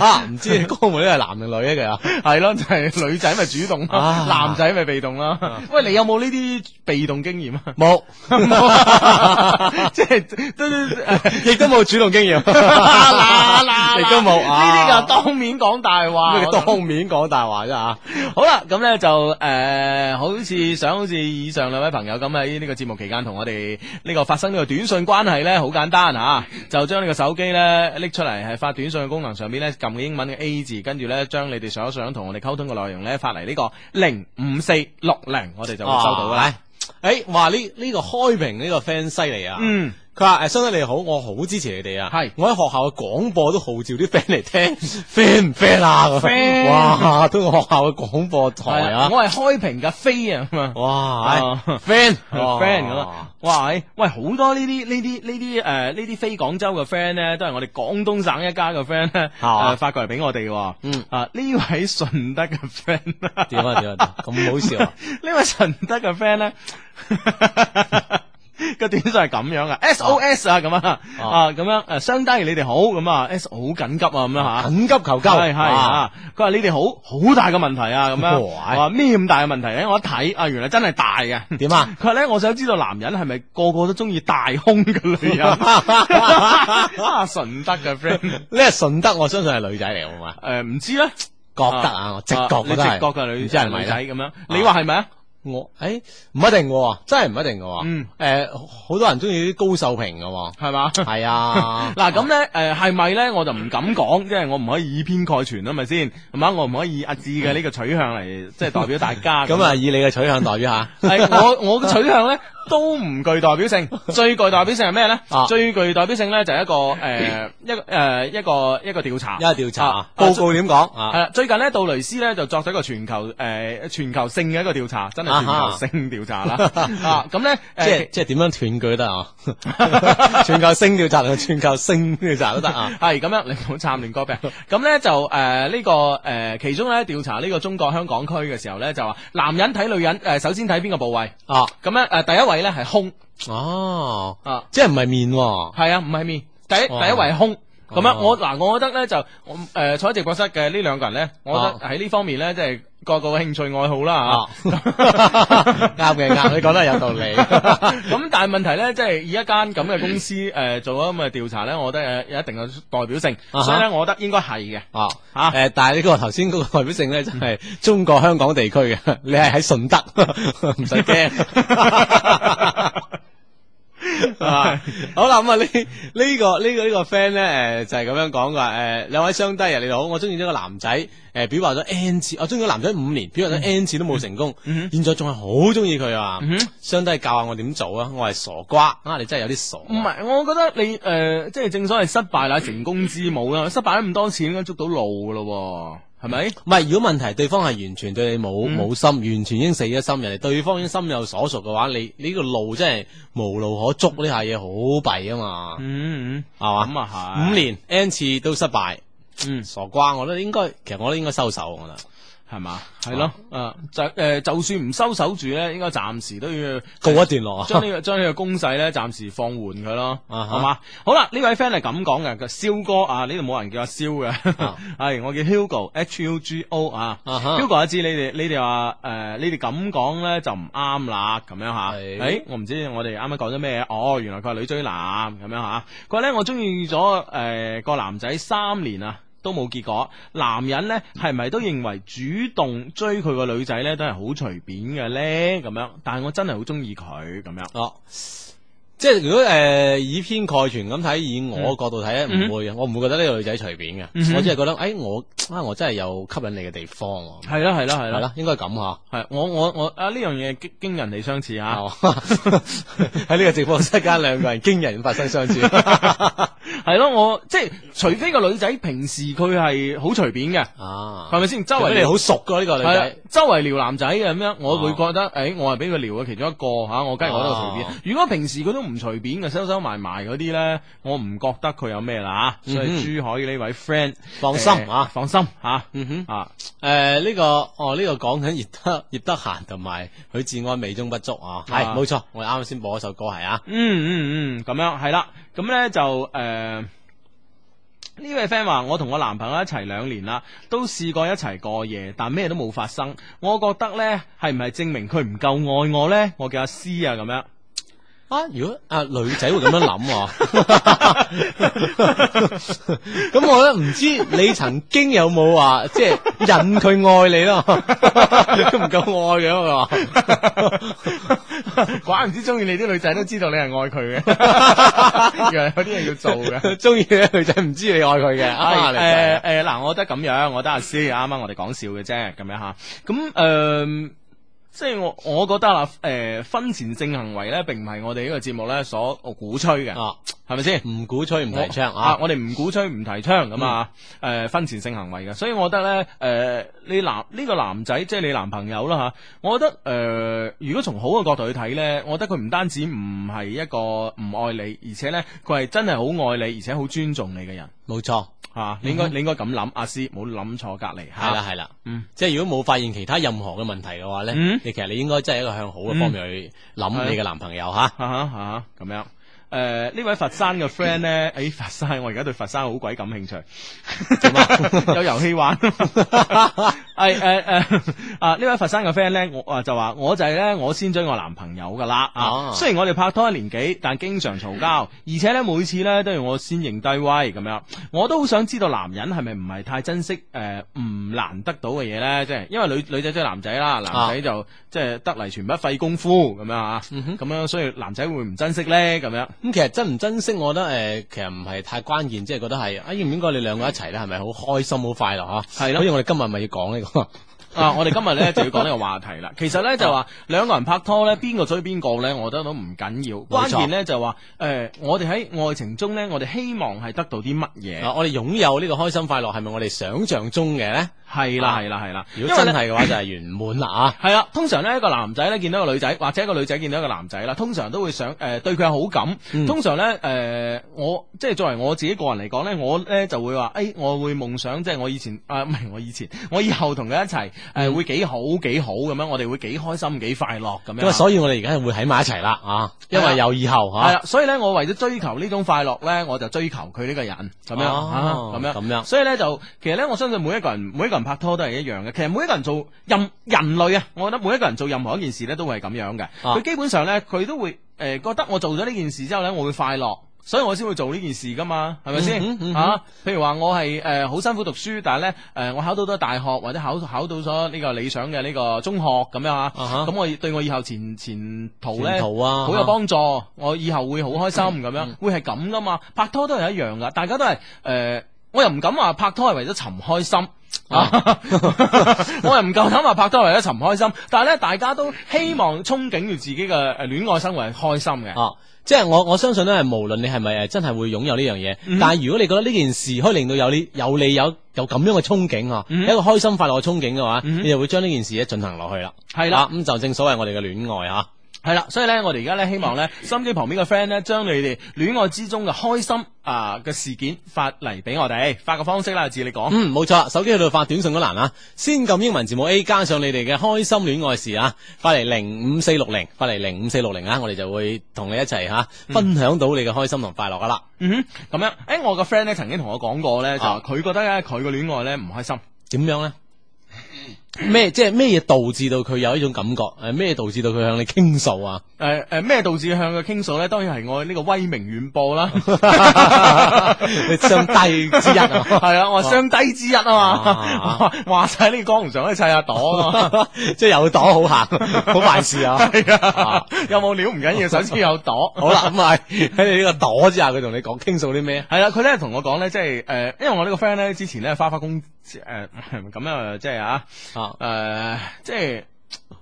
Speaker 1: 啊，唔知哥呢係男定女啊？其實係咯，就係女仔咪主動咯，男仔咪被動咯。喂，你有冇呢啲被動經驗啊？冇沒， 即係亦都冇、哎、主動經驗。嗱 嗱， 亦啦都冇。呢、啊、啲就當面講大話。咩當面講大話啫？吓的、啊啊，好啦，咁咧就誒、呃，好似想好似以上兩位朋友咁喺呢個節目期間同我哋呢個發生呢個短信關係咧，好簡單吓、啊，就將呢個手機咧拎出嚟係發短信嘅功能。上邊咧撳英文嘅 A 字，跟住咧將你哋所想同我哋溝通嘅內容咧發嚟呢個零五四六零，我哋就會收到噶啦。誒、啊欸，哇！呢呢、個開屏呢、個 friend 犀利啊。嗯佢話誒，兄弟你好，我好支持你哋啊！係，我喺學校嘅廣播都號召啲 friend 嚟聽，friend 唔 friend 啊？friend，哇！都係學校嘅廣播台啊，我係開屏嘅飛啊咁啊！哇，friend，friend 咁啊！哇，喂，喂，好多呢啲呢啲呢啲誒呢啲非廣州嘅 friend 咧，都係我哋廣東省一家嘅 friend 咧，發過嚟俾我哋喎。啊，呢位順德嘅 friend，點啊點啊，咁好笑。呢位順德嘅 friend 咧。個短信係咁樣啊，S O S 啊咁啊，啊咁樣誒，相當於你哋好咁啊，SOS 好緊急啊咁樣吓，緊急求救係係啊，佢話你哋好好大嘅問題啊咁樣，我話咩咁大嘅問題咧？我一睇啊，原來真係大嘅，點啊？佢話咧，我想知道男人係咪個個都中意大胸嘅女人？啊，順德嘅 friend，呢係順德，我相信係女仔嚟好嘛？誒，唔知咧，覺得啊，我直覺，直覺嘅女仔，真係女仔咁樣，你話係咪啊？我，哎、欸，唔一定嘅喎，真係唔一定嘅喎。嗯，誒、呃，好多人中意啲高秀平嘅喎，係嘛吧？係啊。嗱咁咧，誒係咪咧？我就唔敢講，即係我唔可以以偏概全啊，咪先係嘛？我唔可以，以阿智嘅呢個取向嚟， 即係代表大家。咁 啊，以你嘅取向代表下。係、 欸、我我嘅取向咧。 都唔具代表性，最具代表性係咩咧？最具代表性咧就係一個誒，一個誒，一個一個調查，一個調查。報告點講啊？係啦，最近咧杜蕾斯咧就作咗一個全球誒全球性嘅一個調查，真係全球性調查啦。啊，咁咧即係即係點樣斷句都得啊？全球性調查定全球性調查都得啊？係咁樣，你好，殘聯哥病。咁咧就誒呢個誒其中咧調查呢個中國香港區嘅時候咧就話男人睇女人誒首先睇邊個部位啊？咁咧誒第一位。係咧係空哦，啊，即係唔係面，係啊，唔係面，第一哇第一位係空。咁啊，我嗱，我覺得咧就我誒坐喺直播室嘅呢兩個人咧，啊、我覺得喺呢方面咧，即、就、係、是、個個嘅興趣愛好啦嚇。啱嘅、啊，啱，你講得有道理。咁但係問題咧，即、就、係、是、以一間咁嘅公司誒、呃、做咗咁嘅調查咧，我覺得有有一定嘅代表性，啊、所以咧，我覺得應該係嘅。哦、啊，嚇誒、啊呃，但係呢個頭先嗰個代表性咧，就係中國香港地區嘅， 你係喺順德，唔使驚。 啊， 好啦，咁啊呢呢個呢、這個呢、這個 friend 咧，誒、這個呃、就係、是、咁樣講嘅，誒、呃、兩位雙低啊，你好，我中意咗個男仔，誒、呃、表白咗 n 次，我中意個男仔五年，表白咗 n 次都冇成功，現在仲係好中意佢啊，雙、嗯、哼低教下我點做啊，我係傻瓜，啊你真係有啲傻、啊，唔係，我覺得你誒即係正所謂失敗乃成功之母啦，失敗咗咁多次，應該捉到路咯、啊。係咪？唔係，如果問題對方係完全對你冇冇、嗯、心，完全已經死咗心人，哋，對方已經心有所屬嘅話，你呢條路真係無路可捉，呢下嘢好弊啊嘛。嗯嗯，係、嗯、嘛？咁啊係。五、就是、年 n 次都失敗，嗯，傻瓜，我覺得應該，其實我都應該收手，我覺得。係嘛？係咯，誒，就 誒，uh, 就算唔收手住咧，應該暫時都要告一段落，將呢個將呢個攻勢咧暫時放緩佢咯，好嘛、uh huh.？好啦，呢位 friend 係咁講嘅，佢肖、哎、哥啊，呢度冇人叫阿肖嘅，係、uh huh. 我叫 Hugo，H-U-G-O 啊、uh huh.，Hugo 阿知你哋你哋話誒，你哋咁講咧就唔啱啦，咁樣吓，誒，我唔知我哋啱啱講咗咩哦，原來佢係女追男咁樣吓，佢話咧我中意咗誒個男仔三年啊 ett。 都冇結果，男人咧，係咪都認為主動追佢個女仔咧都係好隨便嘅咧咁樣，但係我真係好中意佢咁樣。哦即係如果誒以偏概全咁睇，以我角度睇咧，唔會嘅，我唔會覺得呢個女仔隨便嘅，我只係覺得誒，我啊我真係有吸引你嘅地方。係啦係啦係啦，應該咁吓。係我我我啊呢樣嘢驚人哋相似啊。喺呢個直播室間，兩個人驚人發生相似，係咯。我即係除非個女仔平時佢係好隨便嘅，係咪先？周圍你好熟噶呢個女仔，周圍撩男仔嘅咁樣，我會覺得誒，我係俾佢撩嘅其中一個吓，我梗係我都隨便。如果平時佢都。唔隨便嘅，收收埋埋嗰啲呢，我唔覺得佢有咩啦、啊嗯、哼所以珠海呢位 friend，放心啊，呃、放心吓、啊。嗯哼啊，誒呢、呃呢個哦呢、呢個講緊葉德葉德嫻同埋許志安美中不足啊，係冇、嗯、哼錯。我啱啱先播一首歌係啊。嗯嗯嗯，咁、嗯嗯嗯、樣係啦。咁呢就誒呢位 friend 話，我同我男朋友一齊兩年啦，都試過一齊過夜，但咩都冇發生。我覺得呢，係唔係證明佢唔夠，夠愛我呢？我叫阿思啊，咁樣。啊！如果阿、啊、女仔會咁樣諗、啊，咁、 嗯、我覺得唔知你曾經有冇話即係引佢愛你咯？都唔夠愛嘅我話？怪唔知中意你啲女仔都知道你係愛佢嘅，又 有啲嘢要做嘅。中意咧，女仔唔知你愛佢嘅。誒誒，嗱，我覺得咁樣，樣，我覺得阿詩，啱啱我哋講笑嘅啫，咁樣吓。咁、嗯、誒。即係我我覺得啦，誒、呃、婚前性行為咧，並唔係我哋呢個節目咧所鼓吹嘅，係咪先？唔鼓吹，唔提倡啊，啊！我哋唔鼓吹，唔提倡咁啊。誒、嗯呃、婚前性行為嘅，所以我覺得咧，誒、呃、你男呢、這個男仔即係你男朋友啦吓，我覺得誒、呃、如果從好嘅角度去睇咧，我覺得佢唔單止唔係一個唔愛你，而且咧佢係真係好愛你，而且好尊重你嘅人。冇錯，吓、啊、你應該、嗯、哼你應該咁諗，阿師冇諗錯隔離，係啦係啦，啊、嗯，即係如果冇發現其他任何嘅問題嘅話咧，嗯、你其實你應該真係一個向好嘅方面去諗你嘅男朋友吓，吓吓、嗯哼，咁、啊啊、樣。誒，呢、呃、位佛山嘅 friend 呢，誒、哎，佛山，我而家對佛山好鬼感興趣， 有遊戲玩，係誒誒啊，呢位佛山嘅 friend 呢，我啊就話，我就係呢，我先追我男朋友㗎喇，啊啊、雖然我哋拍拖一年幾，但係經常嘈交，而且咧每次呢，都要我先認低威咁樣，我都好想知道男人係咪唔係太珍惜誒唔、呃、難得到嘅嘢呢？即係，因為女女仔追男仔啦，男仔就。啊即係得嚟全不費功夫咁樣啊，咁、嗯、哼樣所以男仔會唔珍惜呢？咁樣。咁、嗯、其實珍唔珍惜，我覺得誒、呃，其實唔係太關鍵，即、就、係、是、覺得係啊，應唔應該你兩個一齊咧，係咪好開心好快樂嚇？係、啊、的所以我哋今日咪要講呢、這個
Speaker 2: 啊，我哋今日咧就要講呢個話
Speaker 1: 題啦。其實咧就話、嗯、兩個人拍拖咧，邊個追邊個咧，我覺得都唔緊要。冇錯。關鍵咧就話誒、呃，我哋喺愛情中咧，我哋希望係得到啲乜嘢？我哋擁有呢個開心快樂係咪我哋想象中嘅咧？係啦，係啦，係啦。如果真係嘅話就係圓滿啦，吓。係啊，通常呢一個男仔呢見到個女仔，或者一個女仔見到一個男仔啦，通常都會想誒對佢有好感。通常呢，誒我即係作為我自己個人嚟講呢，我呢就會話誒我會夢想即係我以前啊唔係我以前，我以後同佢一齊誒會幾好幾好咁樣，我哋會幾開心幾快樂咁樣。咁啊，所以我哋而家會喺埋一齊啦啊，因為有以後。係，所以呢我為咗追求呢種快樂呢，我就追求佢呢個人咁樣啊咁樣咁樣。所以呢就其實呢，我相信每一個人每一個。拍拖都係一樣嘅，其實每一個人做任人類啊，我覺得每一個人做任何一件事咧，都會係咁樣嘅。佢基本上呢，佢都會誒、呃、覺得我做咗呢件事之後呢，我會快樂，所以我先會做呢件事噶嘛，係咪先吓？譬如話我係誒好辛苦讀書，但係呢，誒、呃、我考到咗大學或者考考到咗呢個理想嘅呢個中學咁樣啊哈。咁我對我以後前前途咧、啊、好有幫助，啊、我以後會好開心咁樣，嗯嗯、會係咁噶嘛？拍拖都係一樣噶，大家都係誒、呃呃，我又唔敢話拍拖係為咗尋開心。啊！ 我係唔夠膽話拍拖為咗尋開心，但係咧，大家都希望憧憬住自己嘅誒戀愛生活係開心嘅。哦、啊，即係我我相信咧，無論你係咪誒真係會擁有呢樣嘢，嗯、但係如果你覺得呢件事可以令到有你有利有有咁樣嘅憧憬，哦、嗯，一個開心快樂嘅憧憬嘅話，嗯、你就會將呢件事咧進行落去啦。係啦的，咁、啊、就正所謂我哋嘅戀愛吓。啊係啦，所以咧，我哋而家咧希望咧， 收音機旁邊嘅 friend 咧，將你哋戀愛之中嘅開心啊嘅、呃、事件發嚟俾我哋，發個方式啦，自你講。嗯，冇錯，手機喺度發短信都難啊！先撳英文字母 A，加上你哋嘅開心戀愛事啊，發嚟零五四六零，發嚟零五四六零啊，我哋就會同你一齊吓、啊嗯、分享到你嘅開心同快樂噶啦。嗯哼，咁樣，誒、欸，我個 friend 咧曾經同我講過咧，就佢覺得咧佢個戀愛咧唔開心，點樣咧？咩即係咩嘢導致到佢有呢種感覺？誒，咩嘢導致到佢向你傾訴啊？誒誒，咩嘢導致向佢傾訴咧？當然係我呢個威名遠播啦。上帝之一啊，係啊，我係商低上帝之一啊嘛。話晒呢個江湖上可以砌下朵，即係有朵好行，好辦事啊。係啊，有冇料唔緊要，首先有朵。好啦，咁係喺你呢個朵之下，佢同你講傾訴啲咩？係啊，佢咧同我講咧，即係誒，因為我呢個 friend 咧之前咧花花公誒咁樣即係啊。誒，即係、uh。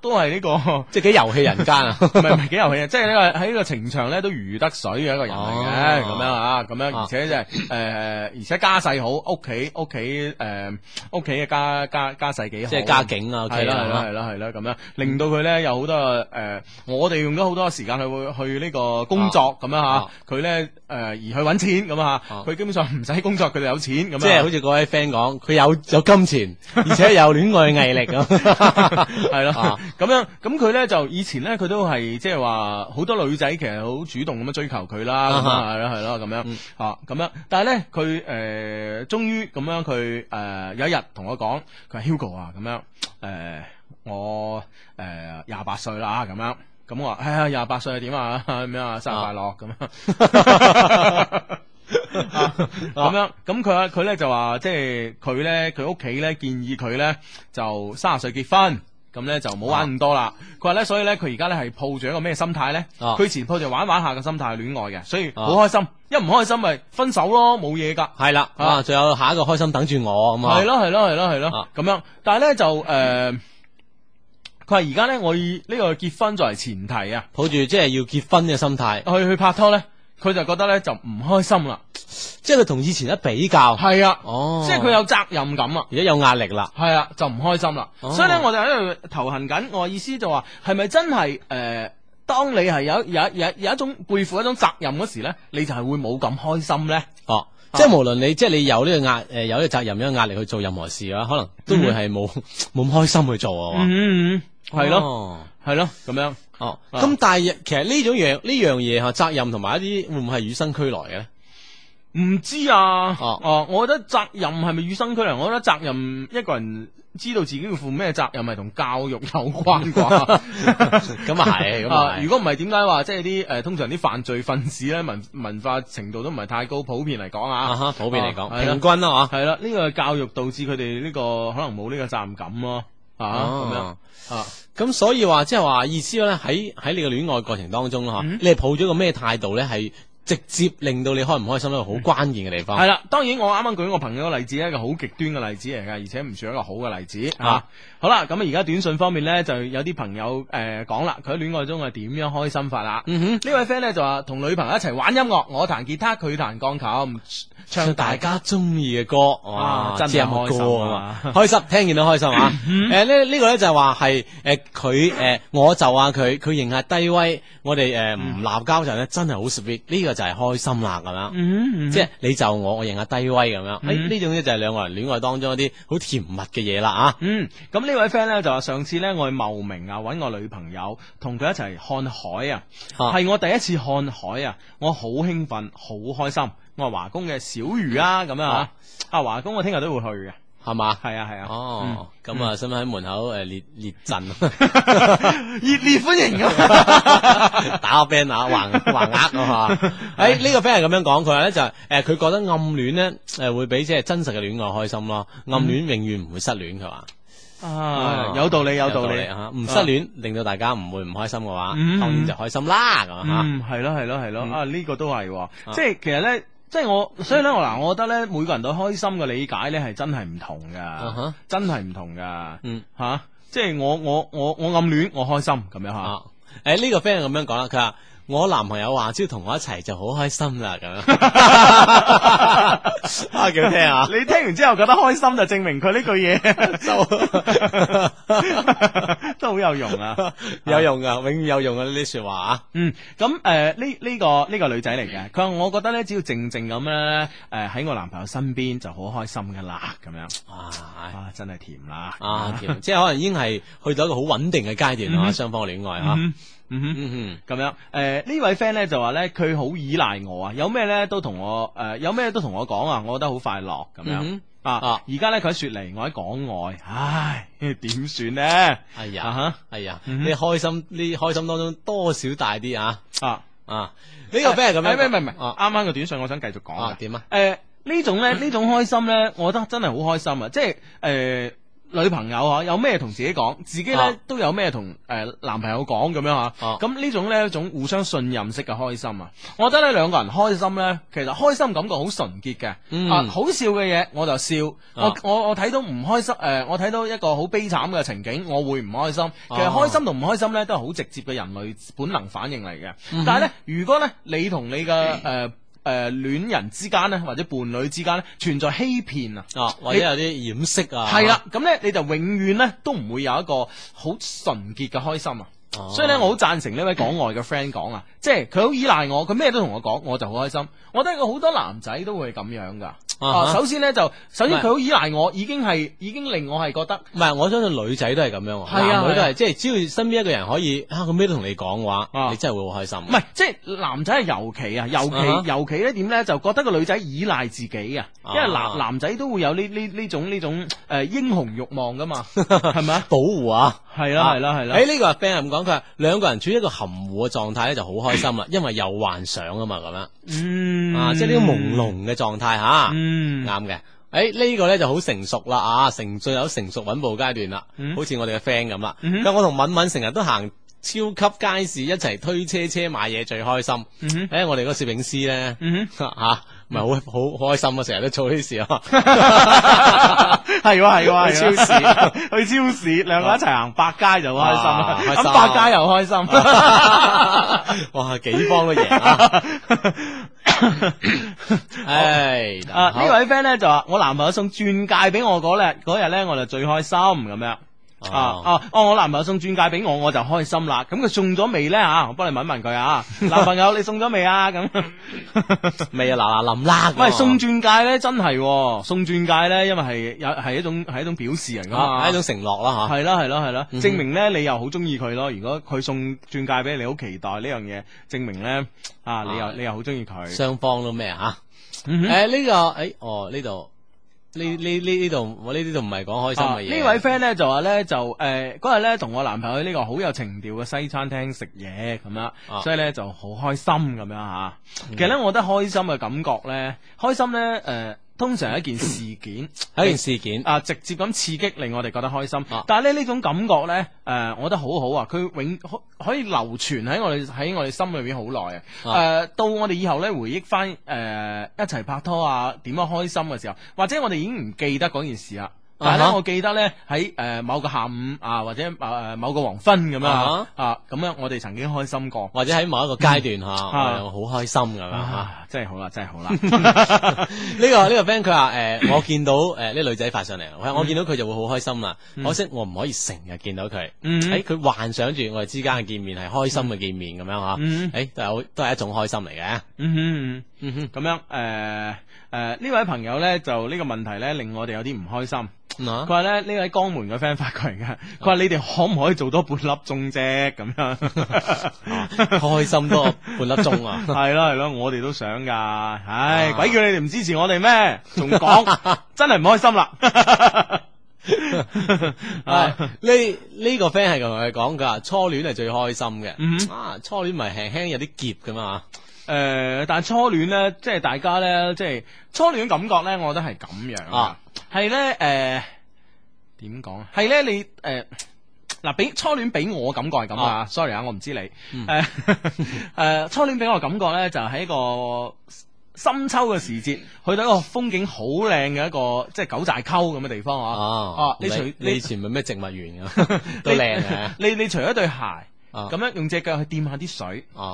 Speaker 1: 都係呢個即係幾遊戲人間啊，唔係唔係幾遊戲啊，即係呢個喺呢個情場咧都如魚得水嘅一個人嚟嘅咁樣啊，咁樣而且就係誒，而且家世好，屋企屋企誒，屋企嘅家家家世幾好，即係家境啊，係啦係啦係啦係啦咁樣，令到佢咧有好多誒，我哋用咗好多時間去去呢個工作咁啊，佢咧誒而去搵錢咁啊，佢基本上唔使工作佢就有錢咁啊，即係好似嗰位 friend 講，佢有有金錢，而且有戀愛毅力咁，係咯。咁 樣咁佢咧就以前咧佢都係即係話好多女仔其實好主動咁樣追求佢啦，係咯係咯咁樣啊咁樣，樣，但係咧佢誒終於咁樣佢誒、呃、有一日同我講，佢係 Hugo 啊咁樣誒我誒廿八歲啦咁樣，咁、呃、我話、呃、哎廿八歲點啊咁樣啊生日快樂咁樣咁樣，咁佢佢咧就話即係佢咧佢屋企咧建議佢咧就卅歲結婚。咁咧就冇玩咁多啦。佢話咧，所以咧，佢而家咧係抱住一個咩心態咧？佢、啊、前抱住玩玩下嘅心態去戀愛嘅，所以好開心。一唔、啊、開心咪分手咯，冇嘢噶。係啦了，啊，仲有下一個開心等住我咁啊。係咯係咯係咯係咯，咁樣。但係咧就誒，佢話而家咧我以呢個結婚作為前提啊，抱住即係要結婚嘅心態去去拍拖咧。佢就覺得咧就唔開心啦，即係佢同以前一比較，係是啊，哦、即係佢有責任感啊，而家有壓力啦，係啊，就唔開心啦。哦、所以咧，我就喺度頭痕緊，我意思就話，係咪真係誒？當你係有，有有有有一種背負一種責任嗰時咧，你就係會冇咁開心咧？哦，啊、即係無論你即係你有呢個壓誒，有呢個責任有壓力去做任何事啊，可能都會係冇冇咁開心去做啊？嗯嗯，係、嗯、咯。嗯。係咯，咁樣哦。咁、啊啊、但係其實呢種樣呢樣嘢吓，責任同埋一啲會唔會係與生俱來嘅咧？唔知啊。哦哦、啊啊，我覺得責任係咪與生俱來？我覺得責任一個人知道自己要負咩責任，係同教育有關啩。咁 啊係，咁啊如果唔係，點解話即係啲誒通常啲犯罪分子咧文文化程度都唔係太高，普遍嚟講啊，啊。普遍嚟講，啊、平均啦、啊、嗬、啊。係啦，呢、嗯這個係教育導致佢哋呢個可能冇呢個責任感咯。啊，咁樣啊，咁、啊啊、所以話即係話意思咧，喺喺你嘅戀愛過程當中咯，嗯、你係抱咗個咩態度咧，係直接令到你開唔開心一個好關鍵嘅地方。係啦、嗯，當然我啱啱舉我朋友嘅例子咧，一個好極端嘅例子嚟噶，而且唔算一個好嘅例子啊。啊好啦，咁啊，而家短信方面咧，就有啲朋友誒講啦，佢喺戀愛中係點樣開心法啦、啊？嗯哼，位呢位 friend 咧就話同女朋友一齊玩音樂，我彈吉他，佢彈鋼琴，唱大家中意嘅歌，哇，啊、真係開、啊、開，心開心啊！開心、 呃，聽見都開心啊！誒、就是，呢呢個咧就係話係誒佢誒，我就下佢，佢認下低威，我哋誒唔鬧交嗰陣咧，真係好 sweet，呢個就係開心啦咁樣，嗯嗯
Speaker 2: 嗯即係
Speaker 1: 你就我，我認下低威咁樣，誒呢、嗯、種咧就係兩個人戀愛當中一啲好甜蜜嘅嘢啦啊嗯！嗯，咁呢。呢位 friend 咧就話上次咧我去茂名啊，搵我女朋友同佢一齊看海啊，係我第一次看海啊，我好興奮，好開心。我係華工嘅小魚啊，咁樣啊，阿華、啊啊、工我聽日都會去嘅，係嘛嗎？係啊，係啊，哦，咁啊、嗯，先喺、嗯、門口誒、呃，烈烈陣熱 烈，烈歡迎噶 打個 band 啊，橫橫額啊，吓誒，呢個 friend 係咁樣講，佢咧就誒，佢覺得暗戀咧誒會比即係真實嘅戀愛開心咯，暗戀永遠唔會失戀，佢話。
Speaker 2: 啊，有道理有道理嚇，唔失戀
Speaker 1: 令到大家唔會唔開心嘅話，當然就開心啦咁嚇。嗯，係咯係咯係咯，啊呢個都係喎，即係其實咧，即係我所以咧，我嗱，我覺得咧，每個人對開心嘅理解咧係真係唔同噶，真係唔同噶，嗯嚇，即係我我我我暗戀我開心咁樣嚇。誒呢個 friend 咁樣講啦，佢話。我男朋友話只要同我一齊就好開心啦，咁啊幾好聽啊！你聽完之後覺得開心，就證明佢呢句嘢，都都好有用啊！有用噶，永遠有用啊！呢啲說話啊，嗯，咁誒，呢呢個呢個女仔嚟嘅，佢話我覺得咧，只要靜靜咁咧，誒喺我男朋友身邊就好開心噶啦，咁樣啊真係甜啦啊甜，即係可能已經係去到一個好穩定嘅階段啊，雙方戀愛啊。嗯嗯咁樣，誒呢位 friend 咧就話咧佢好依賴我啊，有咩咧都同我，誒有咩都同我講啊，我覺得好快樂咁樣啊啊，而家咧佢喺雪梨，我喺港外，唉點算咧？係啊，係啊，你開心你開心當中多少大啲啊啊啊，
Speaker 2: 呢個 friend 係咁樣，唔
Speaker 1: 唔唔唔，啱啱嘅短信我想繼續講啊，點啊？誒呢種咧呢種開心咧，我覺得真係好開心啊，即係誒。女朋友嚇有咩同自己講，自己呢都有咩同誒，男朋友講咁樣嚇。咁呢種呢一種互相信任式嘅開心啊！我覺得呢兩個人開心呢，其實開心感覺好純潔嘅。嗯、啊，好笑嘅嘢我就笑。啊、我我睇到唔開心誒、呃，我睇到一個好悲慘嘅情景，我會唔開心。其實開心同唔開心呢都係好直接嘅人類本能反應嚟嘅。嗯、但係呢，如果呢你同你嘅誒。呃誒、呃、戀人之間呢，或者伴侶之間呢，存在欺騙啊，啊，或者有啲掩飾啊，係啦，咁呢，你就永遠呢都唔會有一個好純潔嘅開心啊，啊所以呢，我好贊成呢位港外嘅 friend 講啊，即係佢好依賴我，佢咩都同我講，我就好開心，我覺得好多男仔都會咁樣噶。啊！首先咧就，首先佢好依賴我，已經係已經令我係覺得。唔係，我相信女仔都係咁樣啊，女都係，即係只要身邊一個人可以啊，咁咩都同你講嘅話，你真係會好開心。唔係，即係男仔係尤其啊，尤其尤其咧點咧，就覺得個女仔依賴自己啊，因為男男仔都會有呢呢呢種呢種誒英雄欲望噶嘛，係咪？保護啊，係啦，係啦，係啦。喺呢個病人噉講，佢話兩個人處於一個含糊嘅狀態咧就好開心啦，因為有幻想啊嘛咁樣。嗯、mm hmm. 啊，即係呢個朦朧嘅狀態吓，嗯、啊，啱嘅、mm。誒、hmm.，呢、哎這個呢就好成熟啦，啊，成最有成熟穩步階段啦，mm hmm. 好似我哋嘅 friend 咁啦。Mm hmm. 咁我同敏敏成日都行超級街市，一齊推車車買嘢最開心。誒、mm hmm. 哎，我哋個攝影師呢。吓。唔係好好開心啊！成日都做呢啲事啊，係喎係喎，去超市去超市，兩個一齊行百佳就開心，啊啊、開心，咁百佳又開心， 哇幾方都贏啊！唉，啊呢位 friend 咧就話 我男朋友送鑽戒俾我嗰日，嗰日咧我就最開心咁樣。啊啊哦！我男朋友送鑽戒俾我，我就開心啦。咁佢送咗未呢？吓，我幫你問一問佢啊。男朋友，你送咗未啊？咁未啊，嗱嗱臨啦。喂，送鑽戒呢？真係送鑽戒呢？因為係有係一種係一種表示嚟㗎，係一種承諾啦吓。係囉係囉係囉，證明呢，你又好中意佢咯。如果佢送鑽戒俾你，好期待呢樣嘢，證明呢，啊你又你又好中意佢。雙方都咩啊？誒呢個誒哦呢度。呢呢呢度，我呢啲度唔係講開心嘅嘢。啊、位呢位 friend 咧就話咧就誒，嗰日咧同我男朋友喺呢個好有情調嘅西餐廳食嘢咁啦，樣啊、所以咧就好開心咁樣吓。啊嗯、其實咧，我覺得開心嘅感覺咧，開心咧誒。呃通常係一件事件，一件事件啊，直接咁刺激，令我哋覺得開心。啊、但係咧呢種感覺咧，誒，我覺得好好啊。佢永可可以流傳喺我哋喺我哋心裏邊好耐啊。誒、呃，到我哋以後咧回憶返誒、呃、一齊拍拖啊，點樣開心嘅時候，或者我哋已經唔記得嗰件事啦。但係咧，我記得咧喺誒某個下午啊，或者誒某個黃昏咁樣啊，咁樣、啊嗯、我哋曾經開心過，或者喺某一個階段嚇，好、嗯啊哦、開心咁樣嚇。啊真係好啦，真係好啦！呢、這個呢個 friend 佢話誒，我見到誒呢、呃這個、女仔發上嚟，我我見到佢就會好開心啦。可惜我唔可以成日見到佢。誒、哎，佢幻想住我哋之間嘅見面係開心嘅見面咁樣嗬。誒、啊哎，都係都係一種開心嚟嘅、嗯嗯。嗯哼，嗯哼，咁樣誒誒呢位朋友呢，就呢個問題呢，令我哋有啲唔開心。佢話咧呢位江門嘅 friend 發過嚟噶，佢話你哋可唔可以做多半粒鐘啫？咁樣開心多半粒鐘啊！係咯係咯，我哋都想噶。唉，鬼叫你哋唔支持我哋咩？仲講真係唔開心啦！係呢呢個 friend 係同佢講噶，初戀係最開心嘅。啊，初戀唔係輕輕有啲澀噶嘛？誒，但係初戀咧，即係大家咧，即係初戀感覺咧，我覺得係咁樣。係咧，誒，點、呃、講、呃、啊？係咧、哦，Sorry，你誒，嗱、嗯，俾、啊、初戀俾我感覺係咁啊！Sorry 啊，我唔知你，誒，誒，初戀俾我感覺咧，就喺一個深秋嘅時節，去到一個風景好靚嘅一個，即、就、係、是、九寨溝咁嘅地方啊！哦啊，你除你，你，你以前唔係咩植物園啊？ 都靚嘅、啊。你你除咗對鞋？咁樣用隻腳去掂下啲水，啊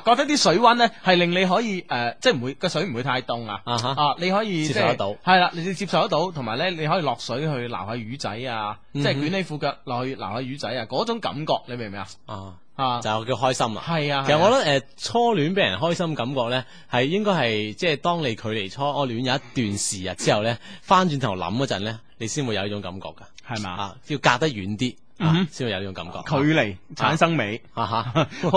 Speaker 1: 覺得啲水溫咧係令你可以誒，即係唔會個水唔會太凍啊，啊你可以接受得到，係啦，你接受得到，同埋咧你可以落水去撈下魚仔啊，即係捲起褲腳落去撈下魚仔啊，嗰種感覺你明唔明啊？啊，就叫開心啊！係啊，其實我覺得誒初戀俾人開心感覺咧，係應該係即係當你距離初戀有一段時日之後咧，翻轉頭諗嗰陣咧，你先會有呢種感覺㗎，係嘛？啊，要隔得遠啲。先會有呢種感覺。距離產生美，好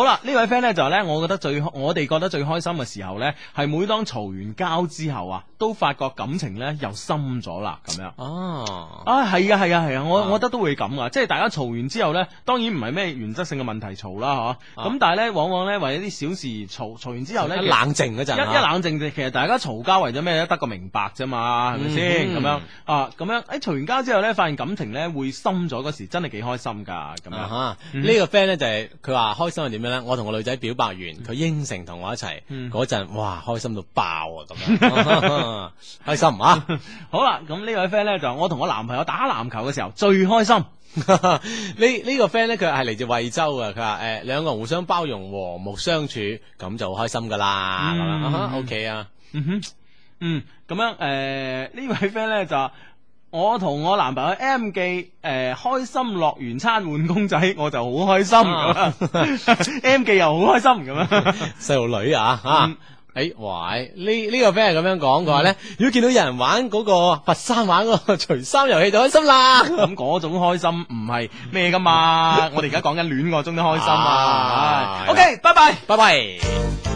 Speaker 1: 啦，呢位 friend 咧就話咧，我覺得最我哋覺得最開心嘅時候呢，係每當嘈完交之後啊，都發覺感情呢又深咗啦，咁樣。哦，啊係啊係啊係啊，我我覺得都會咁啊。即係大家嘈完之後呢，當然唔係咩原則性嘅問題嘈啦，嗬。咁但係呢，往往呢，為一啲小事嘈嘈完之後咧，冷靜嗰陣，一冷靜，其實大家嘈交為咗咩咧？得個明白啫嘛，係咪先？咁樣啊，咁樣欸嘈完交之後呢，發現感情呢會深咗嗰時，真係幾開心。開心噶，咁樣吓，呢個 friend 咧，就係佢話開心係點樣咧？我同個女仔表白完，佢應承同我一齊，嗰陣哇開心到爆啊！咁樣開心啊！好啦，咁呢位 friend 咧，就我同我男朋友打籃球嘅時候最開心。呢呢個 friend 咧，佢係嚟自惠州噶，佢話誒，兩個人互相包容，和睦相處，咁就開心噶啦。咁啊 OK 啊，嗯哼，嗯咁樣誒呢位 friend 咧就。我同我男朋友 M 記誒、呃、開心樂園餐換公仔，我就好開心 M 記又好開心咁樣，細路女啊啊！誒、嗯哎，哇！呢呢個 friend 係咁樣講嘅話咧，嗯、如果見到有人玩嗰、那個佛山玩嗰、那個除衫遊戲，就開心啦。咁嗰、嗯、 種開心唔係咩噶嘛？ 我哋而家講緊戀愛中嘅開心啊。啊 OK，拜拜拜拜。拜拜